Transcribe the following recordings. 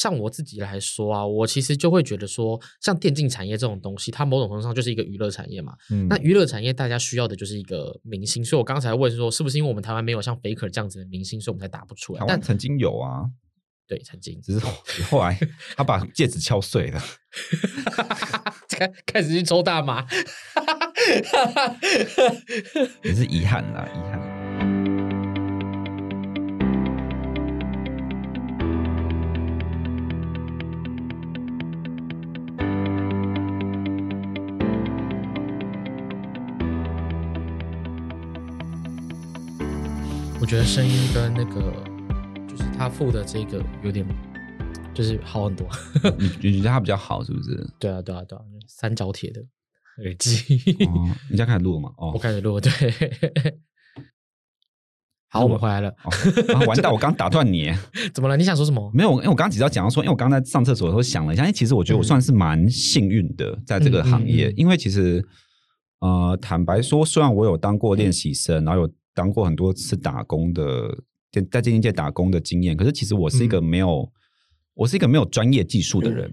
像我自己來說啊，我其實就會覺得說，像電競產業這種東西，它某種程度上就是一個娛樂產業嘛。嗯，那娛樂產業大家需要的就是一個明星，所以我剛才問說，是不是因為我們台灣沒有像 Faker 這樣子的明星，所以我們才打不出來？台灣曾經有啊，對，曾經，只是後，後來他把戒指敲碎了，開 開始去抽大麻， 也是遺憾啊遺憾。覺得聲音跟那個，就是他附的這個有點，就是好很多，啊。你覺得他比較好是不是？對啊，對啊，對啊，三角鐵的耳機，哦。你現在開始錄了嗎？哦，我開始錄了。對，好，我們回來了。哦，完蛋，就我剛打斷你，怎麼了？你想說什麼？沒有，因為我剛剛只要講說，因為我剛才上廁所的時候想了一下，一哎，其實我覺得我算是蠻幸運的，在這個行業，嗯嗯嗯，因為其實，呃，坦白說，雖然我有當過練習生，嗯，然後有。當過很多次打工的，在電競界打工的經驗，可是其實我是一個沒有，嗯、我是一個沒有專業技術的人。咳咳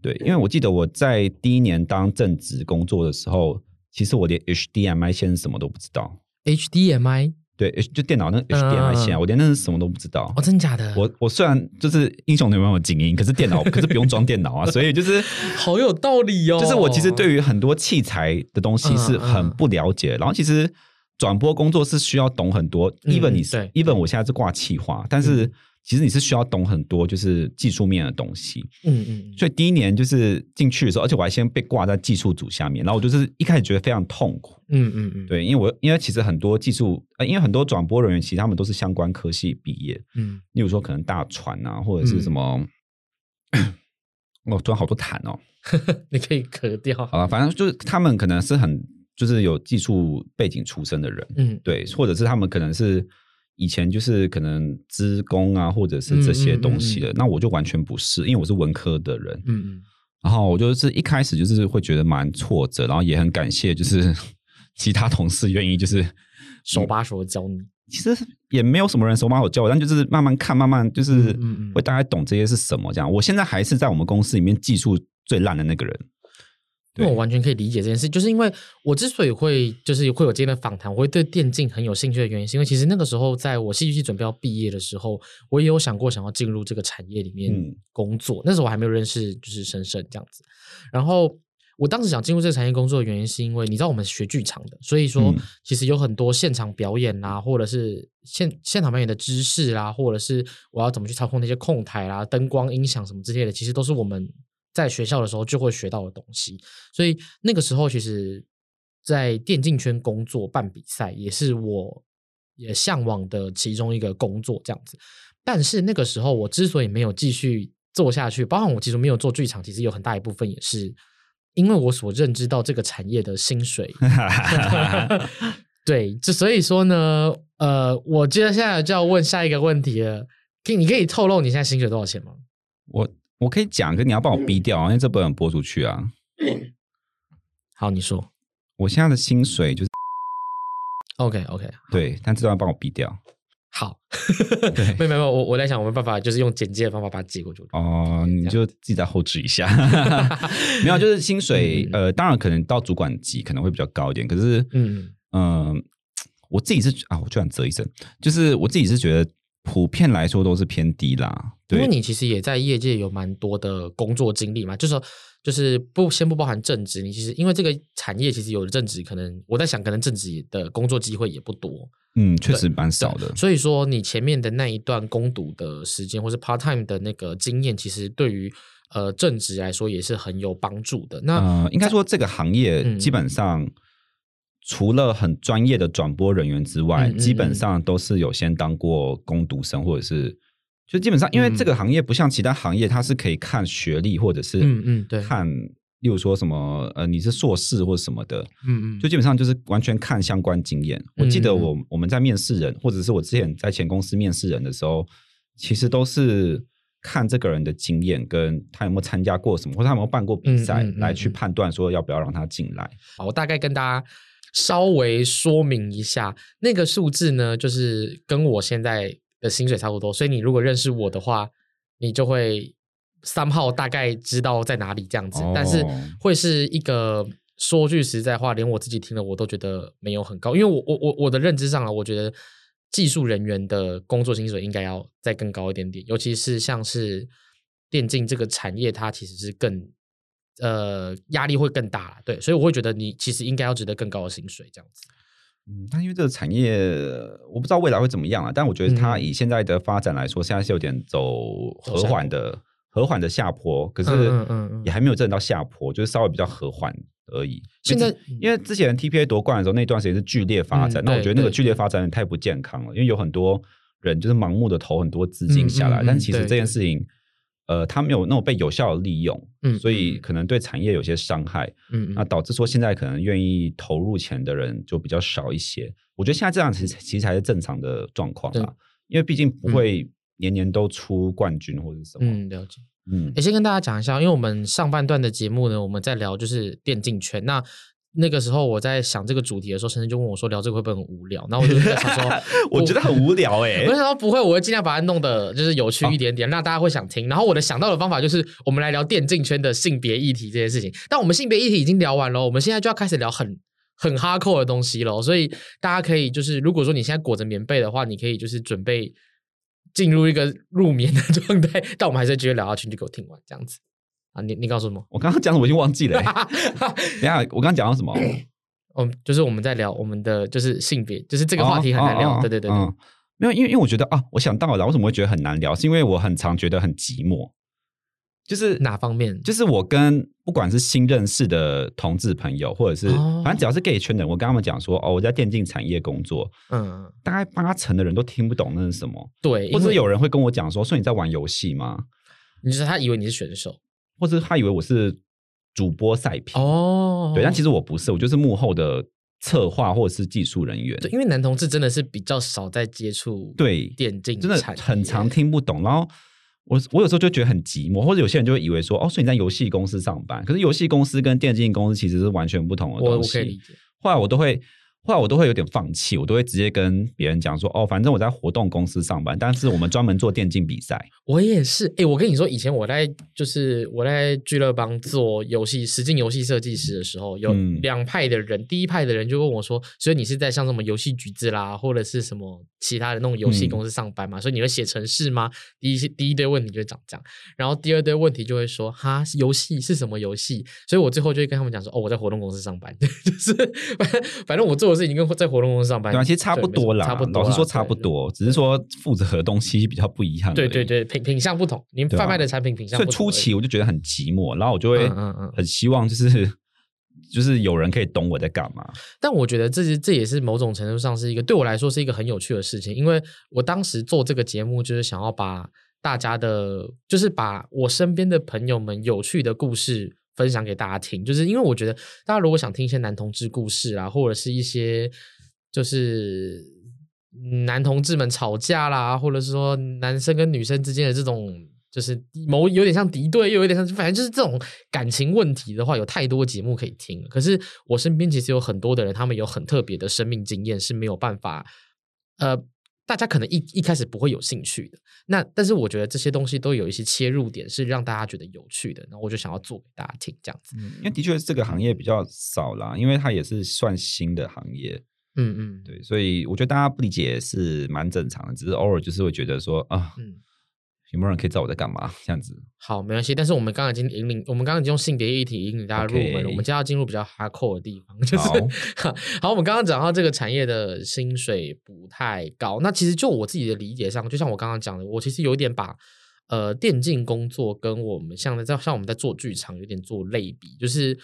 對，因為我記得我在第一年當正職工作的時候，其實我連 HDMI 線是什麼都不知道。HDMI，對，就電腦那 HDMI 線、啊，嗯啊、我連那是什麼都不知道。哦，真的假的？我我雖然就是英雄聯盟能靜音，可是電腦 可是不用裝電腦啊，所以就是好有道理哦。就是我其實對於很多器材的東西是很不了解，嗯啊、然後其實。轉播工作是需要懂很多、嗯、，even 你是對 even 我現在是掛企劃，嗯、但是其實你是需要懂很多就是技術面的東西。嗯嗯，嗯所以第一年就是進去的時候，而且我還先被掛在技術組下面，然後我就是一開始覺得非常痛苦。嗯嗯嗯，嗯對，因為我因為其實很多技術，呃，因為很多轉播人員其實他們都是相關科系畢業。嗯，例如說可能大船啊，或者是什麼，我、嗯 哦，突然好多痰哦， 你可以咳掉。好了，反正就是他們可能是很。就是有技術背景出身的人，嗯，對，或者是他們可能是以前就是可能資工啊，或者是這些東西的。嗯嗯嗯、那我就完全不是，因為我是文科的人，嗯嗯。嗯然後我就是一開始就是會覺得蠻挫折，然後也很感謝，就是、嗯、其他同事願意就是手把手教你。其實也沒有什麼人手把手教我，但就是慢慢看，慢慢就是會大概懂這些是什麼。這樣，我現在還是在我們公司裡面技術最爛的那個人。那我完全可以理解這件事，就是因為我之所以會就是會有這樣的訪談，我會對電競很有興趣的原因，是因為其實那個時候在我戲劇系準備要畢業的時候，我也有想過想要進入這個產業裡面工作。嗯、那時候我還沒有認識就是聲聲這樣子，然後我當時想進入這個產業工作的原因，是因為你知道我們是學劇場的，所以說其實有很多現場表演啦、啊，或者是現現場表演的知識啦、啊，或者是我要怎麼去操控那些控台啦、啊、燈光、音響什麼之類的，其實都是我們。在學校的時候就會學到的東西，所以那個時候其實，在電競圈工作辦比賽也是我也向往的其中一個工作這樣子。但是那個時候我之所以沒有繼續做下去，包括我其實沒有做劇場，其實有很大一部分也是因為我所認知到這個產業的薪水。 對，就所以說呢，呃，我接下來就要問下一個問題了，你可以透露你現在薪水多少錢嗎？我。我可以講，可是你要幫我逼掉，因為這不能播出去啊。好，你說，我現在的薪水就是，OK OK，對，但這段要幫我逼掉。好，沒有沒有沒有，我我在想，我沒辦法，就是用簡潔的方法把它接過去。哦，你就自己再後製一下，沒有，就是薪水，呃，當然可能到主管級可能會比較高一點，可是，嗯嗯，我自己是啊，我居然折一聲，就是我自己是覺得，普遍來說都是偏低啦。對因為你其實也在業界有蠻多的工作經歷嘛，就是說就是不先不包含正職，你其實因為這個產業其實有的正職，可能我在想，可能正職的工作機會也不多。嗯，確實蠻少的。所以說，你前面的那一段工讀的時間，或是 part time 的那個經驗，其實對於呃正職來說也是很有幫助的。那、呃、應該說，這個行業基本上除了很專業的轉播人員之外，嗯、基本上都是有先當過工讀生或者是。就基本上，因為這個行業不像其他行業，嗯、它是可以看學歷，或者是看，嗯嗯、對、例如說什麼呃，你是碩士或什麼的。嗯嗯。就基本上就是完全看相關經驗。嗯、我記得我我們在面試人，或者是我之前在前公司面試人的時候，其實都是看這個人的經驗，跟他有沒有參加過什麼，或者他有沒有辦過比賽，嗯嗯嗯、來去判斷說要不要讓他進來。好，我大概跟大家稍微說明一下，那個數字呢，就是跟我現在。的薪水差不多，所以你如果認識我的話，你就會三號大概知道在哪裡這樣子。Oh. 但是會是一個說句實在話，連我自己聽了我都覺得沒有很高，因為我我我我的認知上啊，我覺得技術人員的工作薪水應該要再更高一點點，尤其是像是電競這個產業，它其實是更呃壓力會更大，對，所以我會覺得你其實應該要值得更高的薪水這樣子。嗯，但因為這個產業，我不知道未來會怎麼樣了。但我覺得它以現在的發展來說，嗯、現在是有點走和緩的、山和緩的下坡。可是也還沒有真到下坡，嗯嗯嗯，就是稍微比較和緩而已。現在因為之前 TPA 奪冠的時候，那段時間是劇烈發展。嗯、那我覺得那個劇烈發展太不健康了，對對對，因為有很多人就是盲目的投很多資金下來，嗯嗯嗯，但其實這件事情。對對對呃，它沒有那種被有效的利用，嗯，所以可能對產業有些傷害，嗯，那導致說現在可能願意投入錢的人就比較少一些。我覺得現在這樣其實其實還是正常的狀況啊，嗯、因為畢竟不會年年都出冠軍或者什麼。嗯，了解。嗯，也先跟大家講一下，因為我們上半段的節目呢，我們在聊就是電競圈那。那個時候我在想這個主題的時候，聲聲就問我說：“聊這個會不會很無聊？”然後我就在想說：“我， 我覺得很無聊誒、欸。我想說不會，我會盡量把它弄得，就是有趣一點點，哦、那大家會想聽。然後我的想到的方法就是，我們來聊電競圈的性別議題這些事情。但我們性別議題已經聊完了，我們現在就要開始聊很很哈扣的東西了。所以大家可以就是，如果說你現在裹着棉被的話，你可以就是準備進入一個入眠的狀態。但我們還是繼續聊下去，你給我聽完這樣子。啊、你你告訴我嗎？我剛剛講的我已經忘記了、欸 等。等下我剛剛講到什麼？ 嗯，就是我們在聊我們的就是性別，就是這個話題很難聊。哦哦哦、對對對,對、嗯嗯，沒有，因為因為我覺得啊，我想到了，我怎麼會覺得很難聊？是因為我很常覺得很寂寞。就是哪方面？就是我跟不管是新認識的同志朋友，或者是、哦、反正只要是 gay 圈的人，我跟他們講說哦，我在電競產業工作。嗯，大概八成的人都聽不懂那是什麼。對，或者有人會跟我講說，所以你在玩遊戲嗎？你知道他以為你是選手。或是他以為我是主播賽評哦，對，但其實我不是，我就是幕後的策劃或者是技術人員。對，因為男同志真的是比較少在接觸對電競，真的很常聽不懂。然後我我有時候就覺得很寂寞，或者有些人就會以為說哦，所以你在遊戲公司上班，可是遊戲公司跟電競公司其實是完全不同的東西。對，我可以理解。後來我都會。後來我都會有點放棄，我都會直接跟別人講說：“哦，反正我在活動公司上班，但是我們專門做電競比賽。”我也是，哎、欸，我跟你說，以前我在就是我在聚樂邦做遊戲，實境遊戲設計師的時候，有兩派的人，嗯、第一派的人就問我說：“所以你是在像什麼遊戲橘子啦，或者是什麼其他的那種遊戲公司上班嘛？嗯、所以你會寫程式嗎？”第一第一堆問題就會講這樣，然後第二堆問題就會說：“哈，遊戲是什麼遊戲？”所以，我最後就會跟他們講說：“哦，我在活動公司上班，就是反正，反正我做。”或者是你跟在活動公司上班，對、啊，其實差不多啦。差不多，老實說差不多，只是說負責的東西比較不一樣。對對對，品品相不同，啊、你販賣的產品品相不同。所以初期我就覺得很寂寞，然後我就會嗯嗯，很希望就是啊啊啊就是有人可以懂我在幹嘛。但我覺得這是這也是某種程度上是一個對我來說是一個很有趣的事情，因為我當時做這個節目就是想要把大家的，就是把我身邊的朋友們有趣的故事。分享給大家聽，就是因為我覺得大家如果想聽一些男同志故事啊，或者是一些就是男同志們吵架啦，或者是說男生跟女生之間的這種就是某有點像敵對，又有點像，反正就是這種感情問題的話，有太多節目可以聽。可是我身邊其實有很多的人，他們有很特別的生命經驗，是沒有辦法，呃。大家可能一一開始不會有興趣的，那但是我覺得這些東西都有一些切入點是讓大家覺得有趣的，然後我就想要做給大家聽這樣子，因為的確這個行業比較少啦，嗯、因為它也是算新的行業，嗯嗯，對，所以我覺得大家不理解是蠻正常的，只是偶爾就是會覺得說啊。嗯有沒有人可以知道我在幹嘛？這樣子好，沒關係。但是我們剛剛已經引領，我們剛剛已經用性別議題引領大家入門了。Okay. 我們將要進入比較哈扣的地方，就是好， 好。我們剛剛講到這個產業的薪水不太高，那其實就我自己的理解上，就像我剛剛講的，我其實有一點把呃電競工作跟我們像在像我們在做劇場有點做類比，就是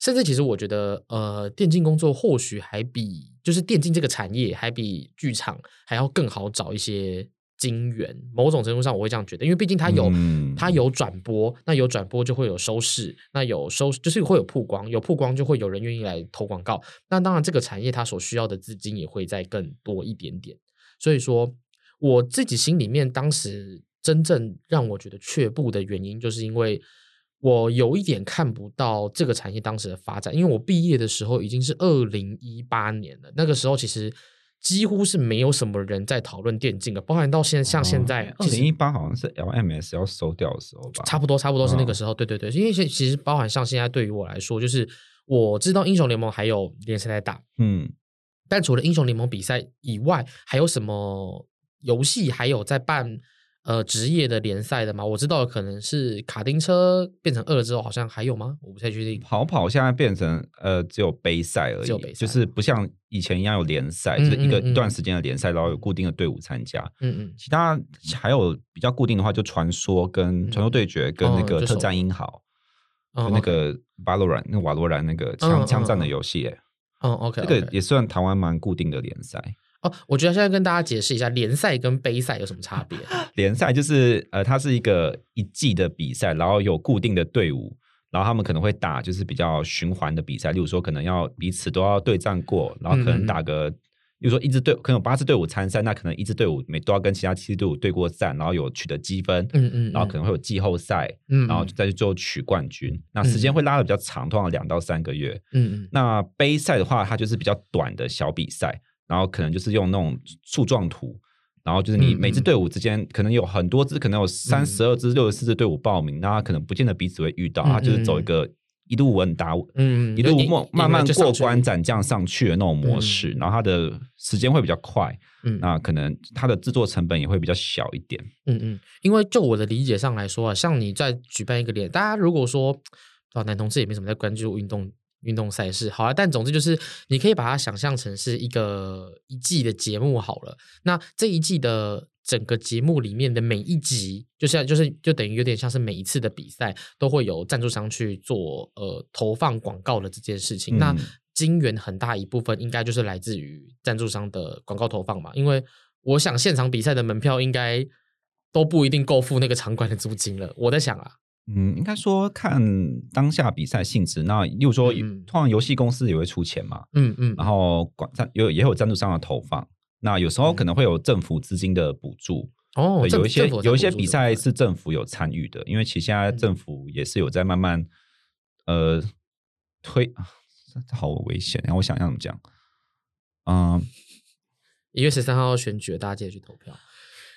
甚至其實我覺得呃電競工作或許還比就是電競這個產業還比劇場還要更好找一些。金源，某種程度上我會這樣覺得，因為畢竟它有、嗯、它有轉播，那有轉播就會有收視，那有收視就是會有曝光，有曝光就會有人願意來投廣告。那當然，這個產業它所需要的資金也會再更多一點點。所以說，我自己心裡面當時真正讓我覺得卻步的原因，就是因為我有一點看不到這個產業當時的發展，因為我畢業的時候已經是二零一八年了，那個時候其實。幾乎是沒有什麼人在討論電競的，包含到現在像現在，二零一八好像是 LMS 要收掉的時候吧，差不多差不多是那個時候，哦、對對對，因為現其實包含像現在對於我來說，就是我知道英雄聯盟還有聯賽在打，嗯，但除了英雄聯盟比賽以外，還有什麼遊戲還有在辦？呃，職業的聯賽的嘛，我知道的可能是卡丁車變成二了之後，好像還有嗎？我不太確定。跑跑現在變成呃，只有杯賽而已，就是不像以前一樣有聯賽，嗯嗯嗯嗯就是一個一段時間的聯賽，然後有固定的隊伍參加。嗯嗯，其他還有比較固定的話，就傳說跟傳說對決跟那個特戰英豪，嗯嗯就嗯、就那個《巴 a l 那《瓦羅蘭》那個槍槍、嗯嗯嗯嗯、戰的遊戲、欸，哦、嗯嗯嗯嗯、OK，, okay. 這個也算台灣蠻固定的聯賽。哦，我覺得現在跟大家解釋一下聯賽跟杯賽有什麼差別？聯賽就是呃，它是一個一季的比賽，然後有固定的隊伍，然後他們可能會打就是比較循環的比賽，例如說可能要彼此都要對戰過，然後可能打個，嗯嗯例如說一支隊可能有八支隊伍參賽，那可能一支隊伍每都要跟其他七支隊伍對過戰，然後有取得積分，嗯，嗯嗯，然後可能會有季後賽，嗯嗯然後再去最後取冠軍。那時間會拉得比較長，通常兩到三個月。嗯，那杯賽的話，它就是比較短的小比賽。然後可能就是用那種樹狀圖，然後就是你每支隊伍之間、嗯、可能有很多支，可能有三十二支、六十四支隊伍報名，嗯、那他可能不見得彼此會遇到，嗯、他就是走一個一路穩打穩，嗯，一路你慢慢過關斬將上去的那種模式，嗯、然後他的時間會比較快，嗯，那可能他的制作成本也會比較小一點，嗯嗯，因為就我的理解上來說啊，像你在舉辦一個聯，大家如果說啊男同志也沒什麼在關注運動。運動賽事，好啊！但總之就是，你可以把它想象成是一個一季的節目好了。那這一季的整個節目裡面的每一集，就像就是就等於有點像是每一次的比賽，都會有贊助商去做呃投放廣告的這件事情。嗯、那金源很大一部分應該就是來自於贊助商的廣告投放嘛？因為我想現場比賽的門票應該都不一定夠付那個場館的租金了。我在想啊。嗯，應該說看當下比賽性質，那例如說、嗯、通常遊戲公司也會出錢嘛，嗯嗯，嗯然後廣贊有也有贊助商的投放，嗯、那有時候可能會有政府資金的補助哦，有一些有一些比賽是政府有參與的，因為其實現在政府也是有在慢慢、嗯、呃推，啊、好危險，讓、啊、我想想怎麼講，嗯、啊，一月十三號選舉，大家記得去投票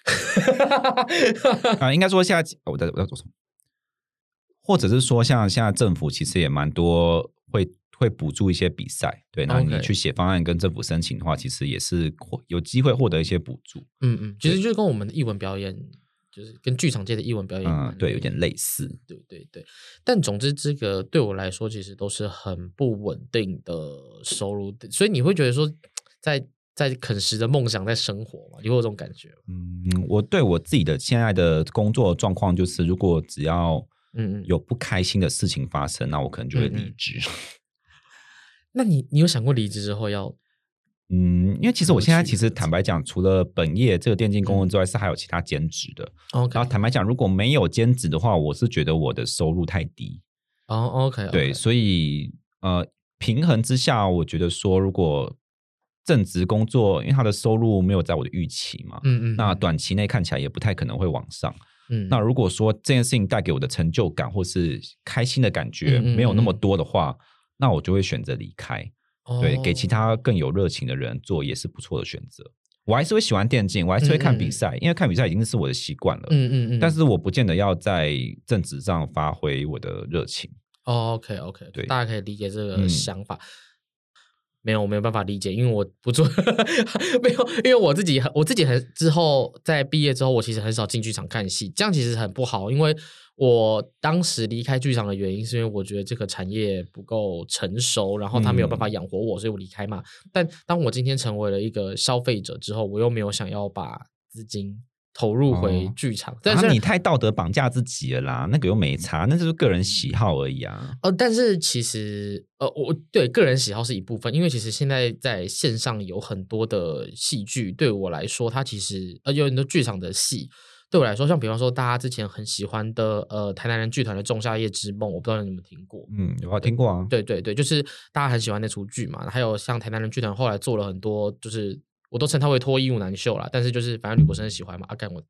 哈哈哈，啊，應該說下期，我在我要做什麼？或者是說，像現在政府其實也蠻多會會補助一些比賽，對，那你去寫方案跟政府申請的話，其實也是有機會獲得一些補助。嗯嗯，其實就是跟我們的藝文表演，對就是跟劇場界的藝文表演，嗯，對，有點類似。對對對，但總之這個對我來說，其實都是很不穩定的收入，所以你會覺得說在，在在啃食着夢想，在生活嘛，你會有這種感覺？嗯，我對我自己的現在的工作狀況，就是如果只要。嗯嗯，有不開心的事情發生，那我可能就會離職。嗯嗯 那你你有想過離職之後要？嗯，因為其實我現在其實坦白講，除了本業這個電競工作之外，嗯、是還有其他兼職的。Okay. 然後坦白講，如果沒有兼職的話，我是覺得我的收入太低。哦、oh,，OK，, okay. 對，所以呃，平衡之下，我覺得說如果正職工作，因為他的收入沒有在我的預期嘛，嗯，嗯嗯，那短期內看起來也不太可能會往上。嗯、那如果說這件事情帶給我的成就感或是開心的感覺沒有那麼多的話，嗯嗯嗯、那我就會選擇離開。哦、對，給其他更有熱情的人做也是不錯的選擇。我還是會喜歡電競，我還是會看比賽，嗯、因為看比賽已經是我的習慣了。嗯嗯嗯。嗯嗯，但是我不見得要在政治上發揮我的熱情。哦、OK OK，對，大家可以理解這個想法。嗯沒有，我沒有辦法理解，因為我不做，呵呵，沒有，因為我自己很，我自己很，之後在畢業之後，我其實很少進劇場看戲，這樣其實很不好，因為我當時離開劇場的原因，是因為我覺得這個產業不夠成熟，然後他沒有辦法養活我，所以我離開嘛。嗯。但當我今天成為了一個消費者之後，我又沒有想要把資金。投入回劇場，哦、但是、啊、你太道德綁架自己了啦！那個又沒差，嗯、那就是個人喜好而已啊。呃但是其實，呃，我對個人喜好是一部分，因為其實現在在線上有很多的戲劇，對我來說，它其實呃，有很多劇場的戲，對我來說，像比方說大家之前很喜歡的，呃，台南人劇團的《仲夏夜之夢》，我不知道你們有沒有聽過？嗯，有啊，聽過啊。對對對、對，就是大家很喜歡那出劇嘛。還有像台南人劇團後來做了很多，就是。我都稱他為脫衣舞男秀啦。但是就是反正女博士很喜歡嘛。阿、啊、幹，我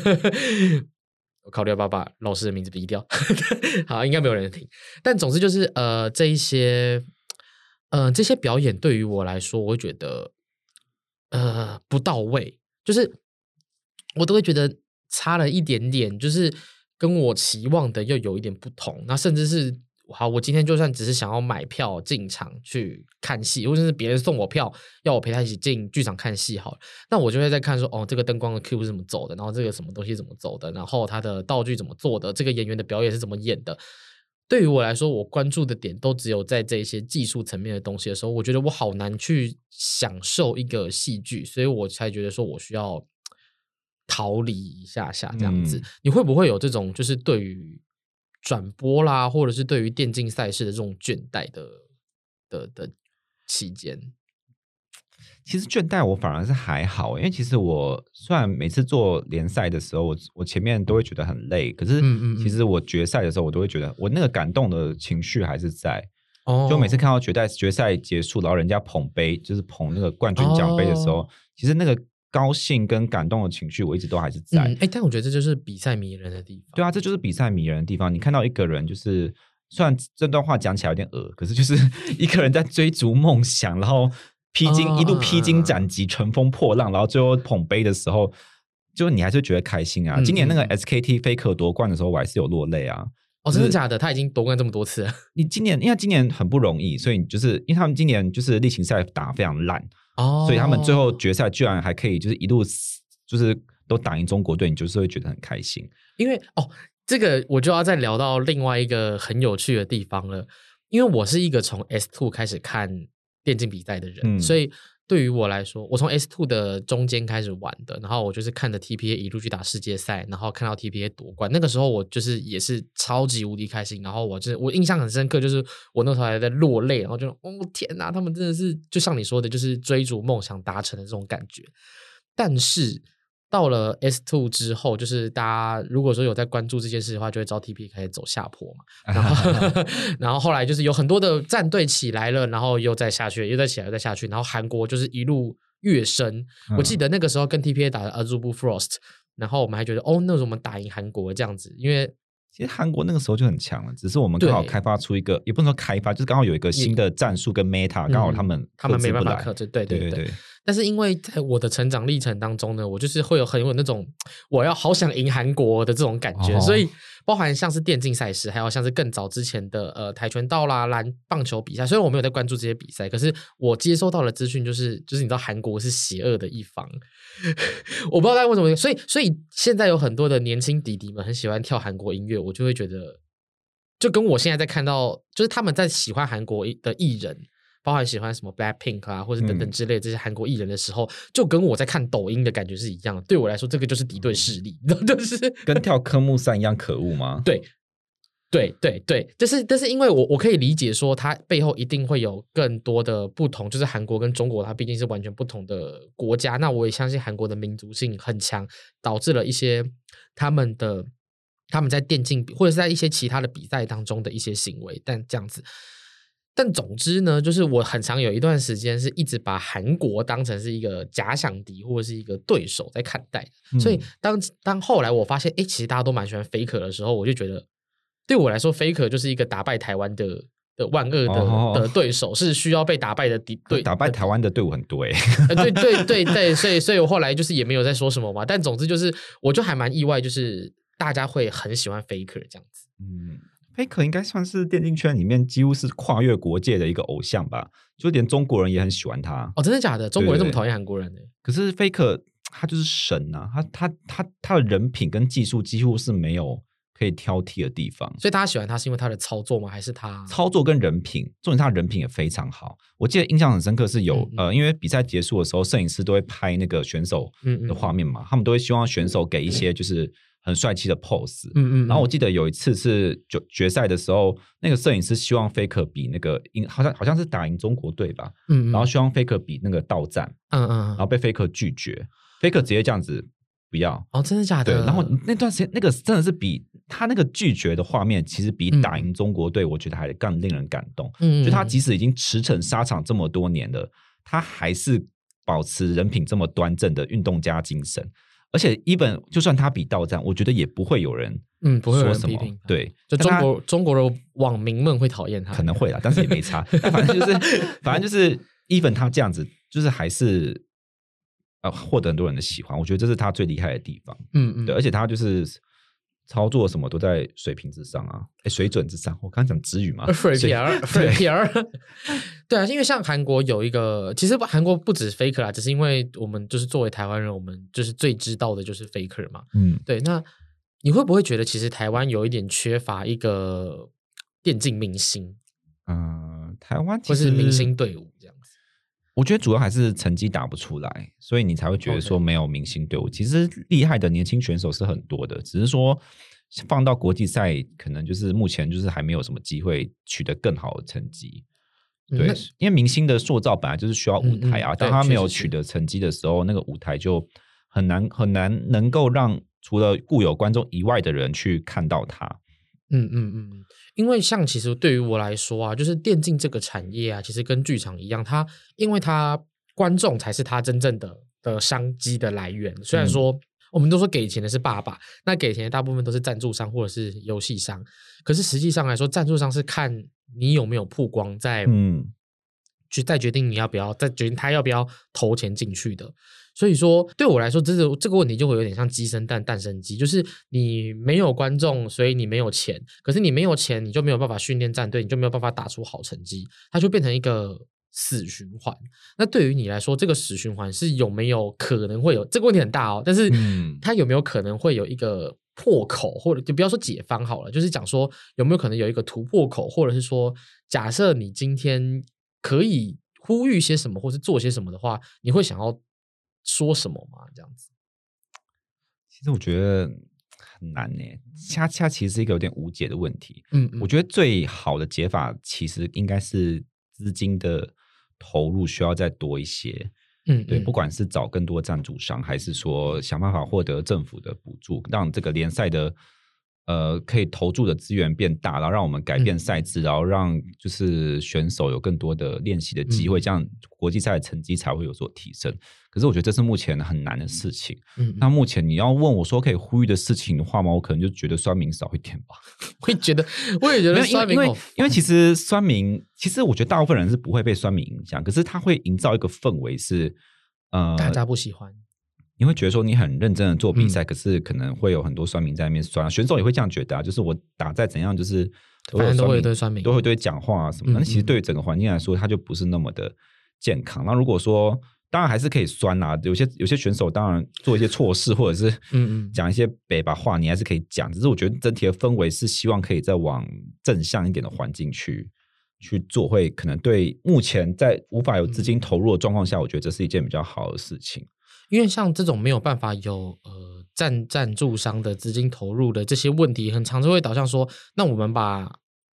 我考慮要把把老師的名字嗶掉， 好，應該沒有人聽。但總之就是呃，這一些呃，這些表演對於我來說，我會覺得呃不到位，就是我都會覺得差了一點點，就是跟我期望的又有一點不同，那甚至是。好，我今天就算只是想要買票進場去看戲，或者是別人送我票，要我陪他一起進劇場看戲好了。那我就會在看說，哦，這個燈光的 cue 是怎麼走的，然後這個什麼東西怎麼走的，然後他的道具怎麼做的，這個演員的表演是怎麼演的。對於我來說，我關注的點都只有在這些技術層面的東西的時候，我覺得我好難去享受一個戲劇，所以我才覺得說我需要逃離一下下這樣子。嗯。你會不會有這種就是對於？轉播啦，或者是對於電競賽事的這種倦怠的的的期間，其實倦怠我反而是還好，因為其實我雖然每次做聯賽的時候，我我前面都會覺得很累，可是其實我決賽的時候，我都會覺得我那個感動的情緒還是在，嗯嗯，就每次看到決賽決賽結束，然後人家捧杯，就是捧那個冠軍獎杯的時候，哦，其實那個。高興跟感動的情緒，我一直都還是在，嗯欸。但我覺得這就是比賽迷人的地方。對啊，這就是比賽迷人的地方。你看到一個人，就是雖然這段話講起來有點惡，可是就是一個人在追逐夢想，然後披荊、哦、一路披荊斬棘、啊、乘風破浪，然後最後捧杯的時候，就你還是覺得開心啊。嗯、哼今年那個 SKT Faker 奪冠的時候，我還是有落淚啊。哦，真的假的？他已經奪冠這麼多次了？你今年因為今年很不容易，所以就是因為他們今年就是例行賽打非常爛。哦，oh, 所以他們最後決賽居然還可以，就是一路就是都打贏中國隊，你就是會覺得很開心。因為哦，這個我就要再聊到另外一個很有趣的地方了，因為我是一個從 S2 開始看電競比賽的人，嗯、所以。對於我來說，我從 S two 的中間開始玩的，然後我就是看着 T P A 一路去打世界賽，然後看到 T P A 奪冠，那個時候我就是也是超級無敵開心，然後我就是、我印象很深刻，就是我那時候還在落淚，然後就，哦天吶，他們真的是就像你說的，就是追逐夢想達成的這種感覺，但是。到了 S two 之後，就是大家如果說有在關注這件事的話，就會知道 T P 開始走下坡嘛。然後， 然後後來就是有很多的戰隊起來了，然後又再下去，又再起來，再下去。然後韓國就是一路躍升。嗯、我記得那個時候跟 T P A 打的 Azubu Frost，然後我們還覺得哦，那時候我們打贏韓國這樣子。因為其實韓國那個時候就很強了，只是我們剛好開發出一個，對也不能說開發，就是剛好有一個新的戰術跟 Meta，剛、嗯、好他們他們沒辦法克制。對對對,對。對對對但是因為在我的成長歷程當中呢，我就是會有很有那種我要好想贏韓國的這種感覺，oh. 所以包含像是電競賽事，還有像是更早之前的呃跆拳道啦、籃棒球比賽，雖然我沒有在關注這些比賽，可是我接收到的資訊，就是就是你知道韓國是邪惡的一方， 我不知道大家為什麼，所以所以現在有很多的年輕弟弟們很喜歡跳韓國音樂，我就會覺得，就跟我現在在看到，就是他們在喜歡韓國的藝人。包含喜歡什麼 Blackpink 啊，或者等等之類的這些韓國藝人的時候，嗯、就跟我在看抖音的感覺是一樣的。對我來說，這個就是敵對勢力，嗯、 就是跟跳科目三一樣可惡嗎？ 對。對，對對對，但是但是因為我我可以理解說，它背後一定會有更多的不同。就是韓國跟中國，它畢竟是完全不同的國家。那我也相信韓國的民族性很強，導致了一些他們的他們在電競或者是在一些其他的比賽當中的一些行為。但這樣子。但總之呢，就是我很長有一段時間是一直把韓國當成是一個假想敵或者是一個對手在看待。嗯、所以當當後來我發現，哎、欸，其實大家都蠻喜歡 Faker 的時候，我就覺得對我來說，Faker 就是一個打敗台灣的、呃、萬惡的萬惡的的對手，是需要被打敗的敵對。打敗台灣的隊伍很多誒， 對對對對，所以所以我後來就是也沒有在說什麼嘛。但總之就是，我就還蠻意外，就是大家會很喜歡 Faker 這樣子。嗯。Faker 應該算是電競圈裡面幾乎是跨越國界的一個偶像吧，就連中國人也很喜歡他。哦，真的假的？中國人這麼討厭韓國人呢、欸？可是 Faker 他就是神吶，啊，他他他他的人品跟技術幾乎是沒有可以挑剔的地方，所以大家喜歡他是因為他的操作嗎？還是他操作跟人品？重點，他的人品也非常好。我記得印象很深刻是有嗯嗯呃，因為比賽結束的時候，攝影師都會拍那個選手嗯的畫面嘛，嗯嗯他們都會希望選手給一些就是。嗯很帥氣的 pose，嗯，嗯嗯，然後我記得有一次是決決賽的時候，那個攝影師希望 Faker 比那個贏，好像好像是打贏中國隊吧，嗯，嗯然後希望 Faker 比那個倒讚，嗯嗯，然後被 Faker 拒絕，Faker、嗯、直接這樣子不要，哦，真的假的？對，然後那段時間那個真的是比他那個拒絕的畫面，其實比打贏中國隊，嗯、我覺得還更令人感動。嗯，嗯，就他即使已經馳騁沙場這麼多年了，他還是保持人品這麼端正的運動家精神。而且伊本就算他比到這樣，我覺得也不會有人說，嗯，不會說什麼。對，就中國他中國的網民們會討厭他，可能會啦，但是也沒差， 反正就是反正就是伊本他這樣子，就是還是呃獲、哦、得很多人的喜歡，我覺得這是他最厲害的地方，嗯嗯對，而且他就是。操作什麼都在水平之上啊，誒水準之上。我剛講詞語嘛，水平兒，水平 r 對啊，因為像韓國有一個，其實韓國不止 Faker 啦，只是因為我們就是作為台灣人，我們就是最知道的就是 Faker 嘛。嗯，對。那你會不會覺得，其實台灣有一點缺乏一個電競明星？嗯、呃，台灣其是明星隊伍。我覺得主要還是成績打不出來，所以你才會覺得說沒有明星隊伍。Okay. 其實厲害的年輕選手是很多的，只是說放到國際賽，可能就是目前就是還沒有什麼機會取得更好的成績。嗯、對，那因為明星的塑造本來就是需要舞台啊，嗯嗯、當他沒有取得成績的時候，對那個舞台就很難很難能夠讓除了固有觀眾以外的人去看到他。嗯嗯嗯嗯，因為像其實對於我來說啊，就是電競這個產業啊，其實跟劇場一樣，它因為它觀眾才是它真正的的商機的來源。雖然說我們都說給錢的是爸爸，嗯、那給錢的大部分都是贊助商或者是遊戲商，可是實際上來說，贊助商是看你有沒有曝光在，在嗯，去再決定你要不要，再決定他要不要投錢進去的。所以說，對我來說，這是這個問題就會有點像雞生蛋，蛋生雞，就是你沒有觀眾，所以你沒有錢，可是你沒有錢，你就沒有辦法訓練戰隊，你就沒有辦法打出好成績，它就變成一個死循環。那對於你來說，這個死循環是有沒有可能會有，這個問題很大哦，但是它有沒有可能會有一個破口，或者就不要說解方好了，就是講說有沒有可能有一個突破口，或者是說，假設你今天可以呼籲些什麼，或是做些什麼的話，你會想要？說什麼嘛？這樣子，其實我覺得很難呢。恰恰其實是一個有點無解的問題。嗯，嗯，我覺得最好的解法其實應該是資金的投入需要再多一些。嗯，嗯，對，不管是找更多贊助商，還是說想辦法獲得政府的補助，讓這個聯賽的。呃，可以投注的資源變大，然後讓我們改變賽制，嗯、然後讓就是選手有更多的練習的機會，嗯、這樣國際賽的成績才會有所提升。可是我覺得這是目前很難的事情。嗯、那目前你要問我說可以呼籲的事情的話嗎？我可能就覺得酸民少一點吧。會 覺得，我也覺得，因為因為，因為其實酸民，其實我覺得大部分人是不會被酸民影響，可是他會營造一個氛圍是，呃大家不喜歡。你會覺得說你很認真的做比賽，嗯、可是可能會有很多酸民在裡面酸、啊。選手也會這樣覺得啊，就是我打再怎樣，就是可能都會對酸民都會對講話、啊、什麼的。嗯嗯那其實對整個環境來說，它就不是那麼的健康。那如果說，當然還是可以酸啦、啊、有些有些選手當然做一些錯事，或者是嗯嗯講一些北七話，嗯嗯你還是可以講。只是我覺得整體的氛圍是希望可以再往正向一點的環境去嗯嗯去做，會可能對目前在無法有資金投入的狀況下，嗯、我覺得這是一件比較好的事情。因為像這種沒有辦法有呃贊贊助商的資金投入的這些問題，很常就會導向說，那我們把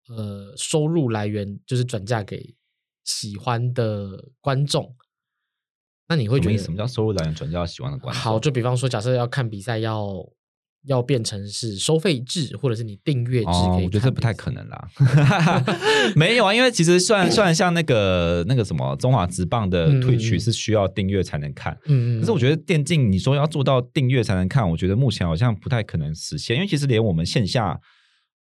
呃收入來源就是轉嫁給喜歡的觀眾。那你會覺得什麼，什麼叫收入來源轉嫁到喜歡的觀眾？好，就比方說，假設要看比賽要。要變成是收費制，或者是你訂閱制。哦？我覺得這不太可能啦。 沒有啊，因為其實算算像那個那個什麼《中華職棒》的 Twitch 是需要訂閱才能看。嗯、可是我覺得電競，你說要做到訂閱才能看，嗯、我覺得目前好像不太可能實現。因為其實連我們線下，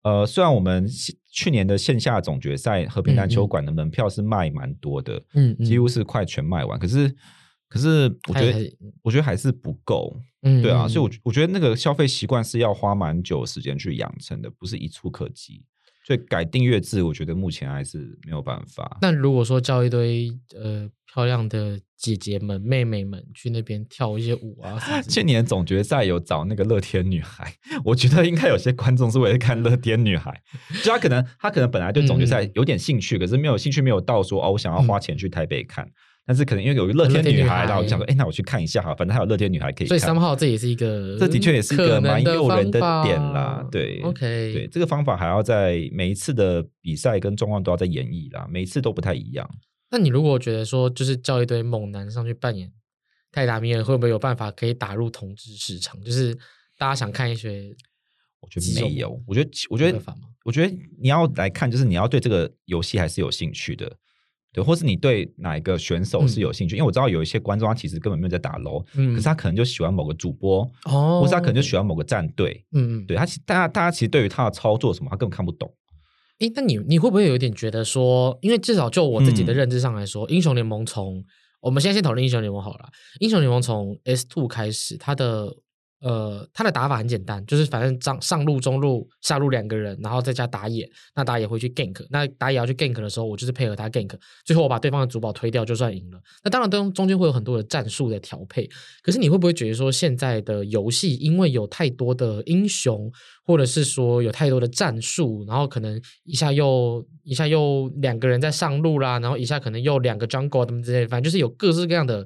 呃，雖然我們去年的線下總決賽和平籃球館的門票是賣蠻多的，嗯嗯、幾乎是快全賣完，可是。可是我覺得，我覺得還是不夠。嗯，對啊，所以我覺得那個消費習慣是要花蠻久的時間去養成的，不是一蹴可及。所以改訂閱制，我覺得目前還是沒有辦法。那如果說叫一堆呃漂亮的姐姐們、妹妹們去那邊跳一些舞啊，去年總決賽有找那個樂天女孩，我覺得應該有些觀眾是為了看樂天女孩，就他可能他可能本來對總決賽有點興趣，嗯，可是沒有興趣沒有到說哦，我想要花錢去台北看。嗯但是可能因為有一個樂天女孩，天女孩，然後我就想說，哎、欸，那我去看一下哈，反正還有樂天女孩可以看。所以三號這也是一個，這的確也是一個蠻誘人的點啦，對，OK，對，這個方法還要在每一次的比賽跟狀況都要在演繹啦，每一次都不太一樣。那你如果覺得說，就是叫一堆猛男上去扮演泰達米爾，會不會有辦法可以打入同志市場？就是大家想看一些，我覺得沒有，我覺得我覺得，我覺得，我覺得你要來看，就是你要對這個遊戲還是有興趣的。對，或是你對哪一個選手是有興趣？嗯、因為我知道有一些觀眾他其實根本沒有在打 LoL、嗯、可是他可能就喜歡某個主播，哦，或是他可能就喜歡某個戰隊，嗯，對他，其大家大家其實對於他的操作什麼，他根本看不懂。誒、欸，那你你會不會有一點覺得說，因為至少就我自己的認知上來說，嗯、英雄聯盟從我們現在先討論英雄聯盟好了啦，英雄聯盟從 S2 開始，它的。呃，他的打法很簡單，就是反正上上路、中路、下路兩個人，然後再加打野。那打野會去 gank，那打野要去 gank 的時候，我就是配合他 gank，最後我把對方的主堡推掉就算贏了。那當然都中間會有很多的戰術的調配，可是你會不會覺得說現在的遊戲因為有太多的英雄，或者是說有太多的戰術，然後可能一下又一下又兩個人在上路啦，然後一下可能又兩個 jungle 什麼之類，反正就是有各式各樣的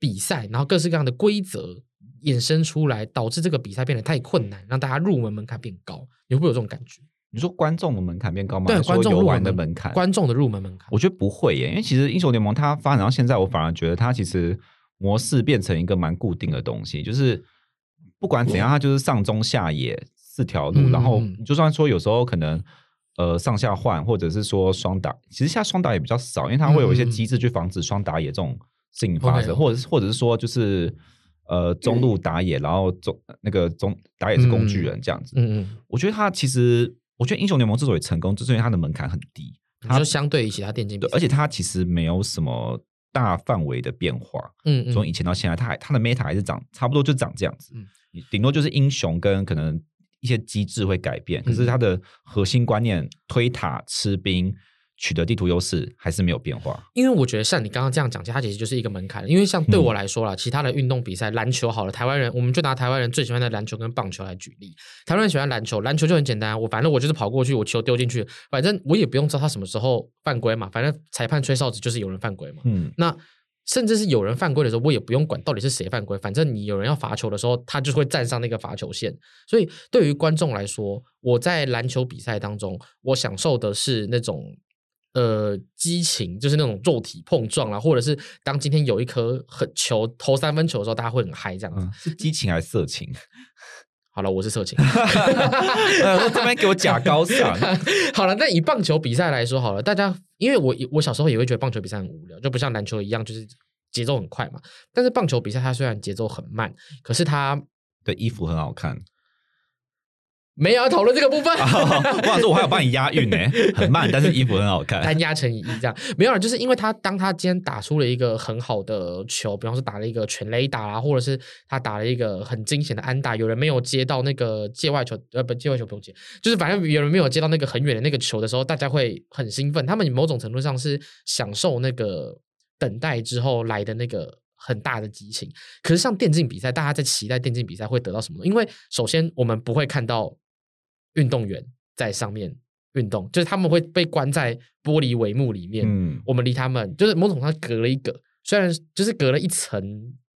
比賽，然後各式各樣的規則。衍生出來，導致這個比賽變得太困難，讓大家入門門檻變高，你會不會有這種感覺？你說觀眾的門檻變高嗎？對，還是說遊玩的門檻，觀眾的入門門檻，我覺得不會耶。對因為其實英雄聯盟它發展到現在，我反而覺得它其實模式變成一個蠻固定的東西，就是不管怎樣，它、嗯、就是上中下野四條路。嗯嗯，然後就算說有時候可能呃上下換，或者是說雙打，其實現在雙打也比較少，因為它會有一些機制去防止雙打野這種事情發生，嗯嗯，或者或者是說就是。呃，中路打野，嗯、然後中那個中打野是工具人這樣子。嗯，嗯我覺得他其實，我覺得英雄聯盟之所以成功，就是因為它的門檻很低，它就相對於其他電競比賽，而且它其實沒有什麼大範圍的變化。嗯從以前到現在他還，它它的 meta 還是長，差不多就長這樣子。嗯，頂多就是英雄跟可能一些機制會改變，可是它的核心觀念推塔吃兵，取得地圖優勢還是沒有變化，因為我覺得像你剛剛這樣講，它其實就是一個門檻。因為像對我來說啦，嗯、其他的運動比賽，籃球好了，台灣人我們就拿台灣人最喜歡的籃球跟棒球來舉例。台灣人喜歡籃球，籃球就很簡單，啊，我反正我就是跑過去，我球丟進去，反正我也不用知道他什麼時候犯規嘛，反正裁判吹哨子就是有人犯規嘛。嗯，那甚至是有人犯規的時候，我也不用管到底是誰犯規，反正你有人要罰球的時候，他就會站上那個罰球線。所以對於觀眾來說，我在籃球比賽當中，我享受的是那種。呃，激情就是那種肉體碰撞啊，或者是當今天有一顆很球投三分球的時候，大家會很嗨這樣子，嗯。是激情還是色情？好了，我是色情。這邊給我假高尚。好了，那以棒球比賽來說，好了，大家因為我我小時候也會覺得棒球比賽很無聊，就不像籃球一樣就是節奏很快嘛。但是棒球比賽它雖然節奏很慢，可是它的衣服很好看。沒有討論這個部分。Oh, oh, 我想說，我還有幫你押韻呢。欸， 很慢，但是衣服很好看。單押成一,一，這樣沒有了，就是因為他當他今天打出了一個很好的球，比方說打了一個全壘打啦，啊，或者是他打了一個很驚險的安打，有人沒有接到那個界外球，呃，不，界外球不用接，就是反正有人沒有接到那個很遠的那個球的時候，大家會很興奮。他們某種程度上是享受那個等待之後來的那個。很大的激情，可是像電競比賽，大家在期待電競比賽會得到什麼？因為首先我們不會看到運動員在上面運動，就是他們會被關在玻璃帷幕裡面，嗯，我們離他們就是某種程度隔了一個，雖然就是隔了一層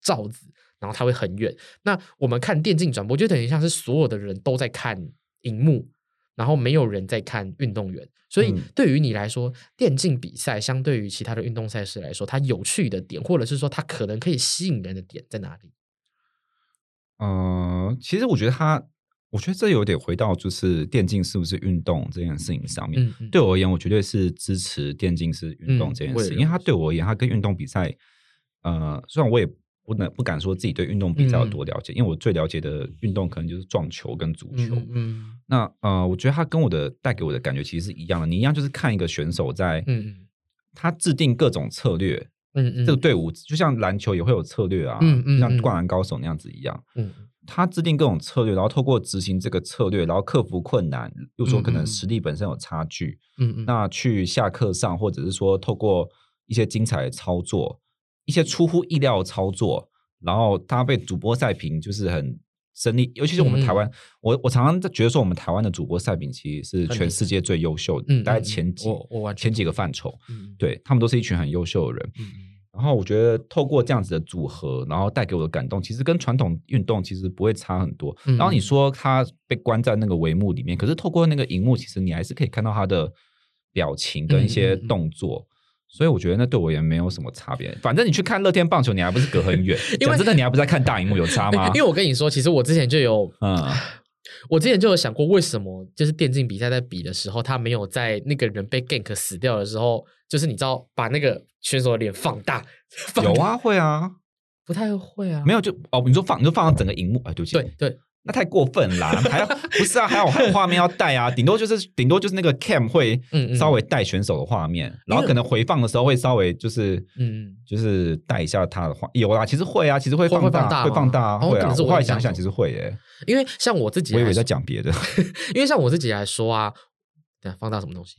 罩子，然後他會很遠。那我們看電競轉播，就等於像是所有的人都在看熒幕。然後沒有人在看運動員，所以對於你來說，嗯、電競比賽相對於其他的運動賽事來說，它有趣的點，或者是說它可能可以吸引人的點在哪裡？嗯、呃，其實我覺得它，我覺得這有點回到就是電競是不是運動這件事情上面。嗯嗯、對我而言，我絕對是支持電競是運動這件事情，嗯、因為它對我而言，它跟運動比賽，呃，雖然我也。不能不敢說自己對運動比賽有多了解，嗯、因為我最了解的運動可能就是撞球跟足球。嗯，嗯那呃，我覺得它跟我的帶給我的感覺其實是一樣的。你一樣就是看一個選手在，嗯嗯，他制定各種策略，嗯嗯，嗯這個隊伍就像籃球也會有策略啊，嗯嗯，嗯像灌籃高手那樣子一樣，嗯，嗯他制定各種策略，然後透過執行這個策略，然後克服困難。又說可能實力本身有差距，嗯嗯，嗯嗯那去下課上或者是說透過一些精彩的操作。一些出乎意料的操作，然後他被主播賽評就是很勝利。尤其是我們台灣，嗯、我我常常在覺得說，我們台灣的主播賽評其實是全世界最優秀的，大概前幾，嗯嗯、我，我前幾個範疇，嗯、對他們都是一群很優秀的人。嗯、然後我覺得透過這樣子的組合，然後帶給我的感動，其實跟傳統運動其實不會差很多。嗯、然後你說他被關在那個帷幕裡面，可是透過那個熒幕，其實你還是可以看到他的表情跟一些動作。嗯嗯嗯所以我覺得那對我也沒有什麼差別。反正你去看樂天棒球，你還不是隔很遠。 因為真的，你還不是在看大熒幕，有差嗎？因為我跟你說，其實我之前就有，嗯，我之前就有想過，為什麼就是電競比賽在比的時候，他沒有在那個人被 gank 死掉的時候，就是你知道把那個選手的臉放大？放大有啊，會啊，不太會啊，沒有就哦，你說放你就放到整個熒幕啊，哎，對不起，對對。對那太過分啦！還要不是啊？還有還有畫面要帶啊！頂多就是頂多就是那個 cam 會稍微帶選手的畫面，然後可能回放的時候會稍微就是嗯就是帶一下他的畫。有啊，其實會啊，其實會放大，會放大啊，會啊。可是我後來想想，其實會耶，因為像我自己，我以為在講別的。因為像我自己來說啊，對啊，放大什麼東西？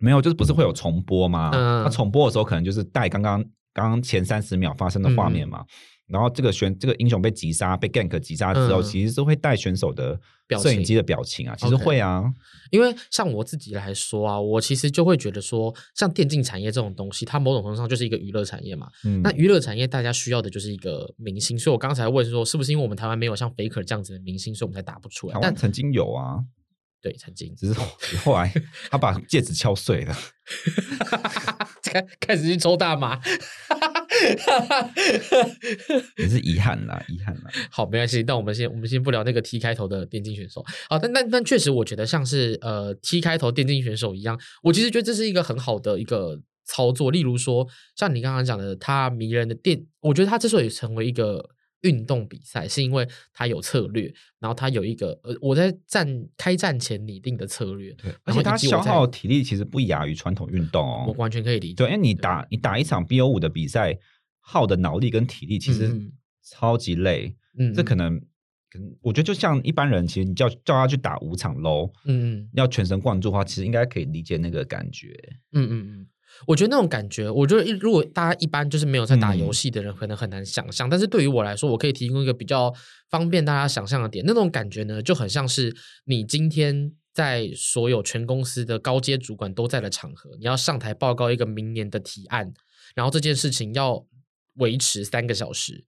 沒有，就是不是會有重播嗎？他重播的時候，可能就是帶剛剛剛剛前三十秒發生的畫面嘛。然後這個選這個英雄被擊殺被 gank 擊殺之後，嗯、其實是會帶選手的表情攝影機的表情啊，其實會啊。Okay. 因為像我自己來說啊，我其實就會覺得說，像電競產業這種東西，它某種程度上就是一個娛樂產業嘛。嗯、那娛樂產業大家需要的就是一個明星，所以我剛才問說，是不是因為我們台灣沒有像 Faker 這樣子的明星，所以我們才打不出來？但曾經有啊，但對，曾經只是後來 他把戒指敲碎了，開 開始去抽大麻 哈哈哈， 也是遺憾啦，遺憾啦。好，沒關係。那我們先，我們先不聊那個 T 開頭的電競選手。啊，但但但確實，我覺得像是呃 T 開頭電競選手一樣，我其實覺得這是一個很好的一個操作。例如說，像你剛剛講的，他迷人的電，我覺得他之所以成為一個。運動比賽是因為他有策略，然後他有一個呃，我在戰開戰前擬定的策略。對，而且他消耗體力其實不亞於傳統運動哦。我完全可以理解。對，哎，你打對你打一場 BO 五的比賽，耗的腦力跟體力其實超級累。嗯，嗯，這可能，可能我覺得就像一般人，其實你叫叫他去打五場嘍，嗯嗯，要全神貫注的話，其實應該可以理解那個感覺。嗯嗯嗯。我覺得那種感覺，我覺得一如果大家一般就是沒有在打遊戲的人，嗯、可能很難想象。但是對於我來說，我可以提供一個比較方便大家想象的點。那種感覺呢，就很像是你今天在所有全公司的高階主管都在的場合，你要上台報告一個明年的提案，然後這件事情要維持三個小時，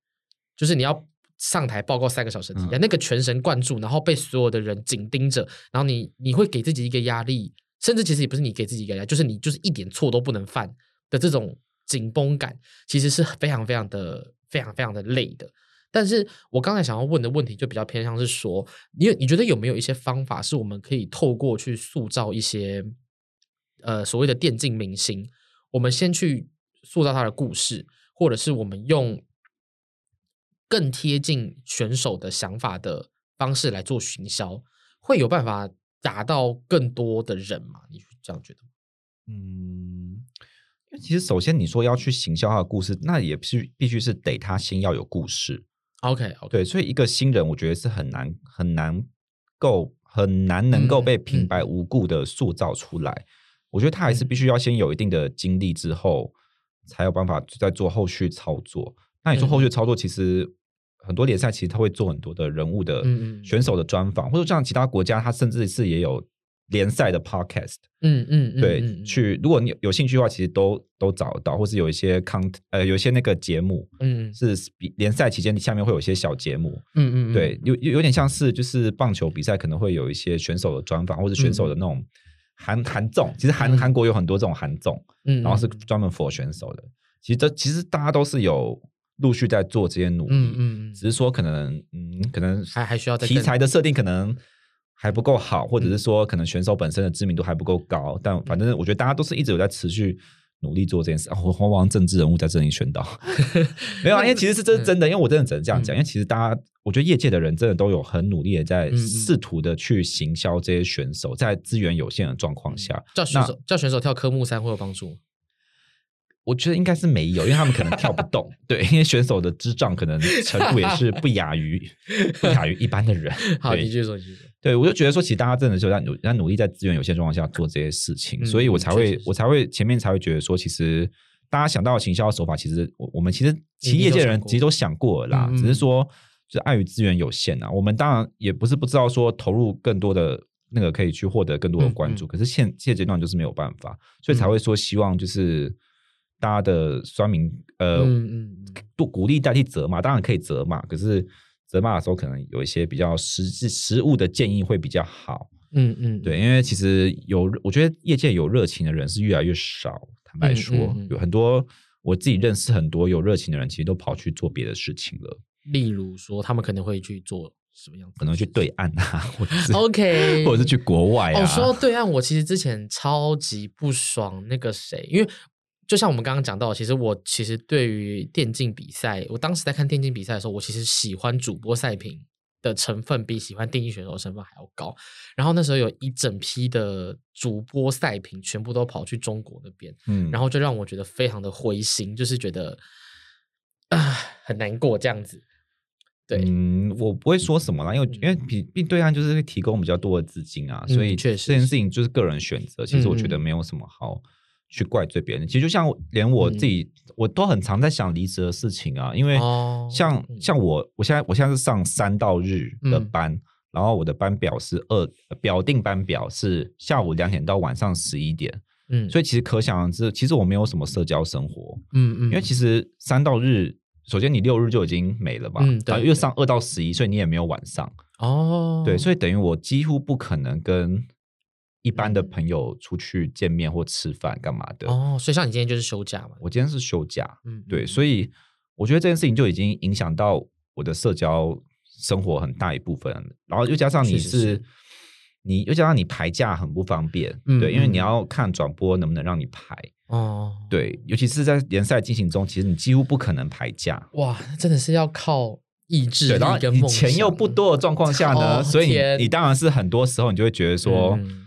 就是你要上台報告三個小時的提案，嗯、那個全神貫注，然後被所有的人緊盯着，然後你你會給自己一個壓力。甚至其實也不是你給自己一個壓力，就是你就是一點錯都不能犯的這種緊繃感，其實是非常非常的、非常非常的累的。但是我剛才想要問的問題，就比較偏向是說，你有你覺得有沒有一些方法，是我們可以透過去塑造一些呃所謂的電競明星？我們先去塑造他的故事，或者是我們用更貼近選手的想法的方式來做行銷，會有辦法？砸到更多的人嘛？你是這樣覺得嗎？嗯，因為其實首先你說要去行銷他的故事，那也是必須是得他先要有故事。OK，, okay. 對，所以一個新人，我覺得是很難很難夠很難能夠被平白無故的塑造出來。嗯嗯、我覺得他還是必須要先有一定的經歷之後，嗯、才有辦法再做後續操作。那你說後續操作，其實。很多聯賽其實他會做很多的人物的選手的專訪，嗯、或者像其他國家他甚至是也有聯賽的 podcast、嗯。嗯嗯，對，去如果你有興趣的話，其實都都找得到，或是有一些 cont 呃，有一些那個節目，嗯，是聯賽期間下面會有一些小節目。嗯嗯，對，有有點像是就是棒球比賽可能會有一些選手的專訪，或者選手的那種韓韓綜，其實韓韓、嗯、國有很多這種韓綜，嗯，然後是專門 for 選手的。其實這其實大家都是有。陸續在做這些努力，嗯嗯，只是說可能，嗯，可能還還需要題材的設定，可能還不夠好，嗯、或者是說可能選手本身的知名度還不夠高，嗯、但反正我覺得大家都是一直有在持續努力做這件事啊，黃、哦、黃政治人物在這裡宣導， 沒有啊，因為其實是真真的，嗯、因為我真的只能這樣講，嗯、因為其實大家我覺得業界的人真的都有很努力的在試圖的去行銷這些選手，在資源有限的狀況下、嗯，叫選手那叫選手跳科目三會有幫助？我覺得應該是沒有，因為他們可能跳不動。對，因為選手的智障可能程度也是不亞於不亞於一般的人。好，對，我就覺得說，其實大家真的是在努在努力，在資源有限狀況下做這些事情，所以我才會我才會前面才會覺得說，其實大家想到行銷手法，其實我們其實其業界人其實都想過啦，只是說就礙於資源有限啊。我們當然也不是不知道說投入更多的那個可以去獲得更多的關注，可是現現階段就是沒有辦法，所以才會說希望就是。大家的酸民，呃，不、嗯嗯、鼓勵代替責罵，當然可以責罵，可是責罵的時候，可能有一些比較實際、實務的建議會比較好。嗯嗯，嗯對，因為其實有，我覺得業界有熱情的人是越來越少。坦白說，嗯嗯嗯、有很多我自己認識很多有熱情的人，其實都跑去做別的事情了。例如說，他們可能會去做什麼樣可能會去對岸啊，或者是 OK，或者是去國外，啊。哦，說到對岸，我其實之前超級不爽那個誰，因為。就像我們剛剛講到，其實我其實對於電競比賽，我當時在看電競比賽的時候，我其實喜歡主播賽評的成分比喜歡電競選手的成分還要高。然後那時候有一整批的主播賽評全部都跑去中國那邊，嗯，然後就讓我覺得非常的灰心，就是覺得啊很難過這樣子。對，嗯，我不會說什麼啦，因為因為并對岸就是會提供比較多的資金啊，嗯，所以確實這件事情就是個人選擇。嗯，其實，嗯，我覺得沒有什麼好去怪罪別人，其實就像連我自己，嗯、我都很常在想離職的事情啊。因為像、哦嗯、像我，我現在我現在是上三到日的班，嗯、然後我的班表是二表定班表是下午兩點到晚上十一點，嗯，所以其實可想而知，其實我沒有什麼社交生活，嗯嗯，嗯因為其實三到日，首先你六日就已經沒了吧，嗯、然後又上二到十一，所以你也沒有晚上，哦，對，所以等於我幾乎不可能跟。一般的朋友出去見面或吃飯幹嘛的，哦，所以像你今天就是休假嘛？我今天是休假，嗯，對，所以我覺得這件事情就已經影響到我的社交生活很大一部分，然後又加上你是，是，是，是你又加上你排假很不方便，嗯嗯對，因為你要看轉播能不能讓你排哦，嗯、對，尤其是在聯賽進行中，其實你幾乎不可能排假。哇，真的是要靠意志力，然後你錢又不多的狀況下呢，嗯哦、所以你你當然是很多時候你就會覺得說。嗯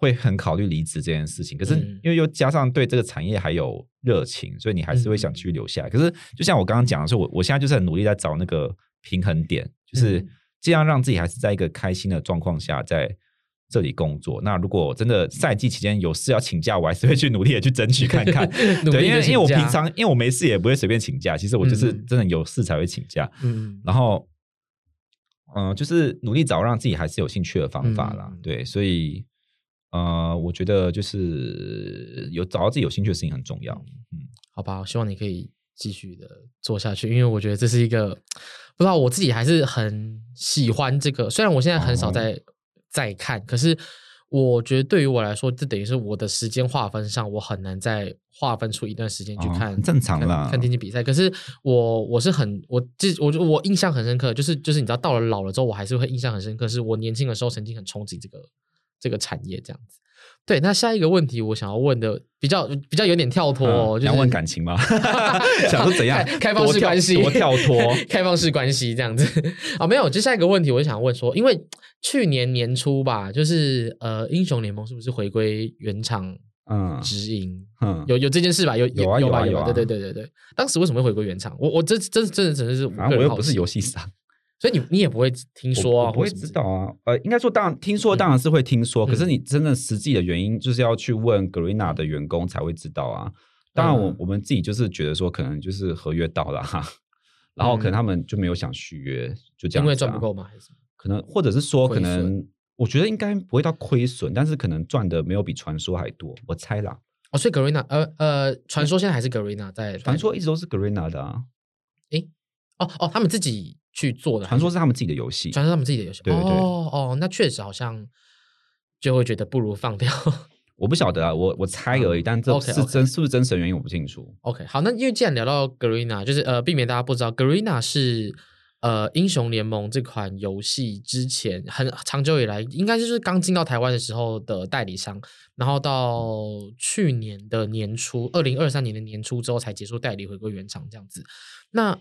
會很考慮離職這件事情，可是因為又加上對這個產業還有熱情，嗯、所以你還是會想繼續留下來。嗯、可是就像我剛剛講的說，我我現在就是很努力在找那個平衡點，就是儘量讓自己還是在一個開心的狀況下在這裡工作。那如果真的賽季期間有事要請假，我還是會去努力的去爭取看看。對，因為因為我平常因為我沒事也不會隨便請假，其實我就是真的有事才會請假。嗯，然後嗯、呃，就是努力找讓自己還是有興趣的方法啦。嗯、對，所以。呃，我覺得就是有找到自己有興趣的事情很重要。嗯，好吧，我希望你可以繼續的做下去，因為我覺得這是一個，不知道我自己還是很喜歡這個。雖然我現在很少在、哦、在看，可是我覺得對於我來說，這等於是我的時間劃分上，我很難再劃分出一段時間去看。哦、正常的啦，看電競比賽。可是我我是很我這我就我印象很深刻，就是就是你知道，到了老了之後，我還是會印象很深刻，是我年輕的時候曾經很憧憬這個。這個產業這樣子，對。那下一個問題，我想要問的比較比較有點跳脫哦，嗯、就想、是、問感情嗎？ 想說怎樣開放式關係？多跳脫，開放式關係這樣子啊、哦？沒有，就下一個問題，我想問說，因為去年年初吧，就是呃，英雄聯盟是不是回歸原廠嗯，直營，嗯，有有這件事吧？有有吧、啊、有吧、啊、有對對對對對。當時為什麼會回歸原廠？我我這這這真的，真的是個人真是、啊，我又不是遊戲商。所以你你也不會聽說、啊，不會知道啊。嗯、呃，應該說，當然聽說當然是會聽說，嗯、可是你真正實際的原因，就是要去問 Garena 的員工才會知道啊。嗯、當然，我我們自己就是覺得說，可能就是合約到了哈、啊，嗯、然後可能他們就沒有想續約，就這樣子、啊。因為賺不夠嘛，還是可能，或者是說，可能我覺得應該不會到虧損，損但是可能賺的沒有比傳說還多，我猜啦。哦，所以 Garena 呃呃，傳、呃、說現在還是 Garena 在對，傳說一直都是 Garena 的、啊。哎、欸，哦哦，他們自己，去做的，傳說是他們自己的遊戲，傳說他們自己的遊戲。對對對，哦哦，那確實好像就會覺得不如放掉。我不曉得啊，我我猜而已，嗯、但這是真 okay, okay. 是不是真實的原因我不清楚。OK，好，那因為既然聊到 Garena 就是呃，避免大家不知道 Garena 是呃英雄聯盟這款遊戲之前很長久以來，應該就是剛進到台灣的時候的代理商，然後到去年的年初，二零二三年的年初之後才結束代理回歸原廠這樣子，那。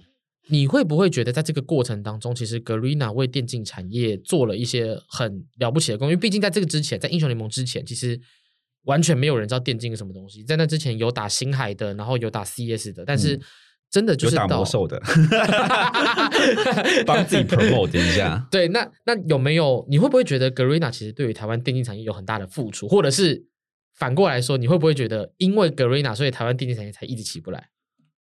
你會不會覺得，在這個過程當中，其實 Garena 為電競產業做了一些很了不起的工作？因為畢竟在這個之前，在英雄聯盟之前，其實完全沒有人知道電競是什麼東西。在那之前，有打星海的，然後有打 CS 的，但是真的就是到、嗯、打魔獸的， 幫自己 promote 一下。 對，那那有沒有？你會不會覺得 Garena 其實對於台灣電競產業有很大的付出？或者是反過來說，你會不會覺得因為 Garena，所以台灣電競產業才一直起不來？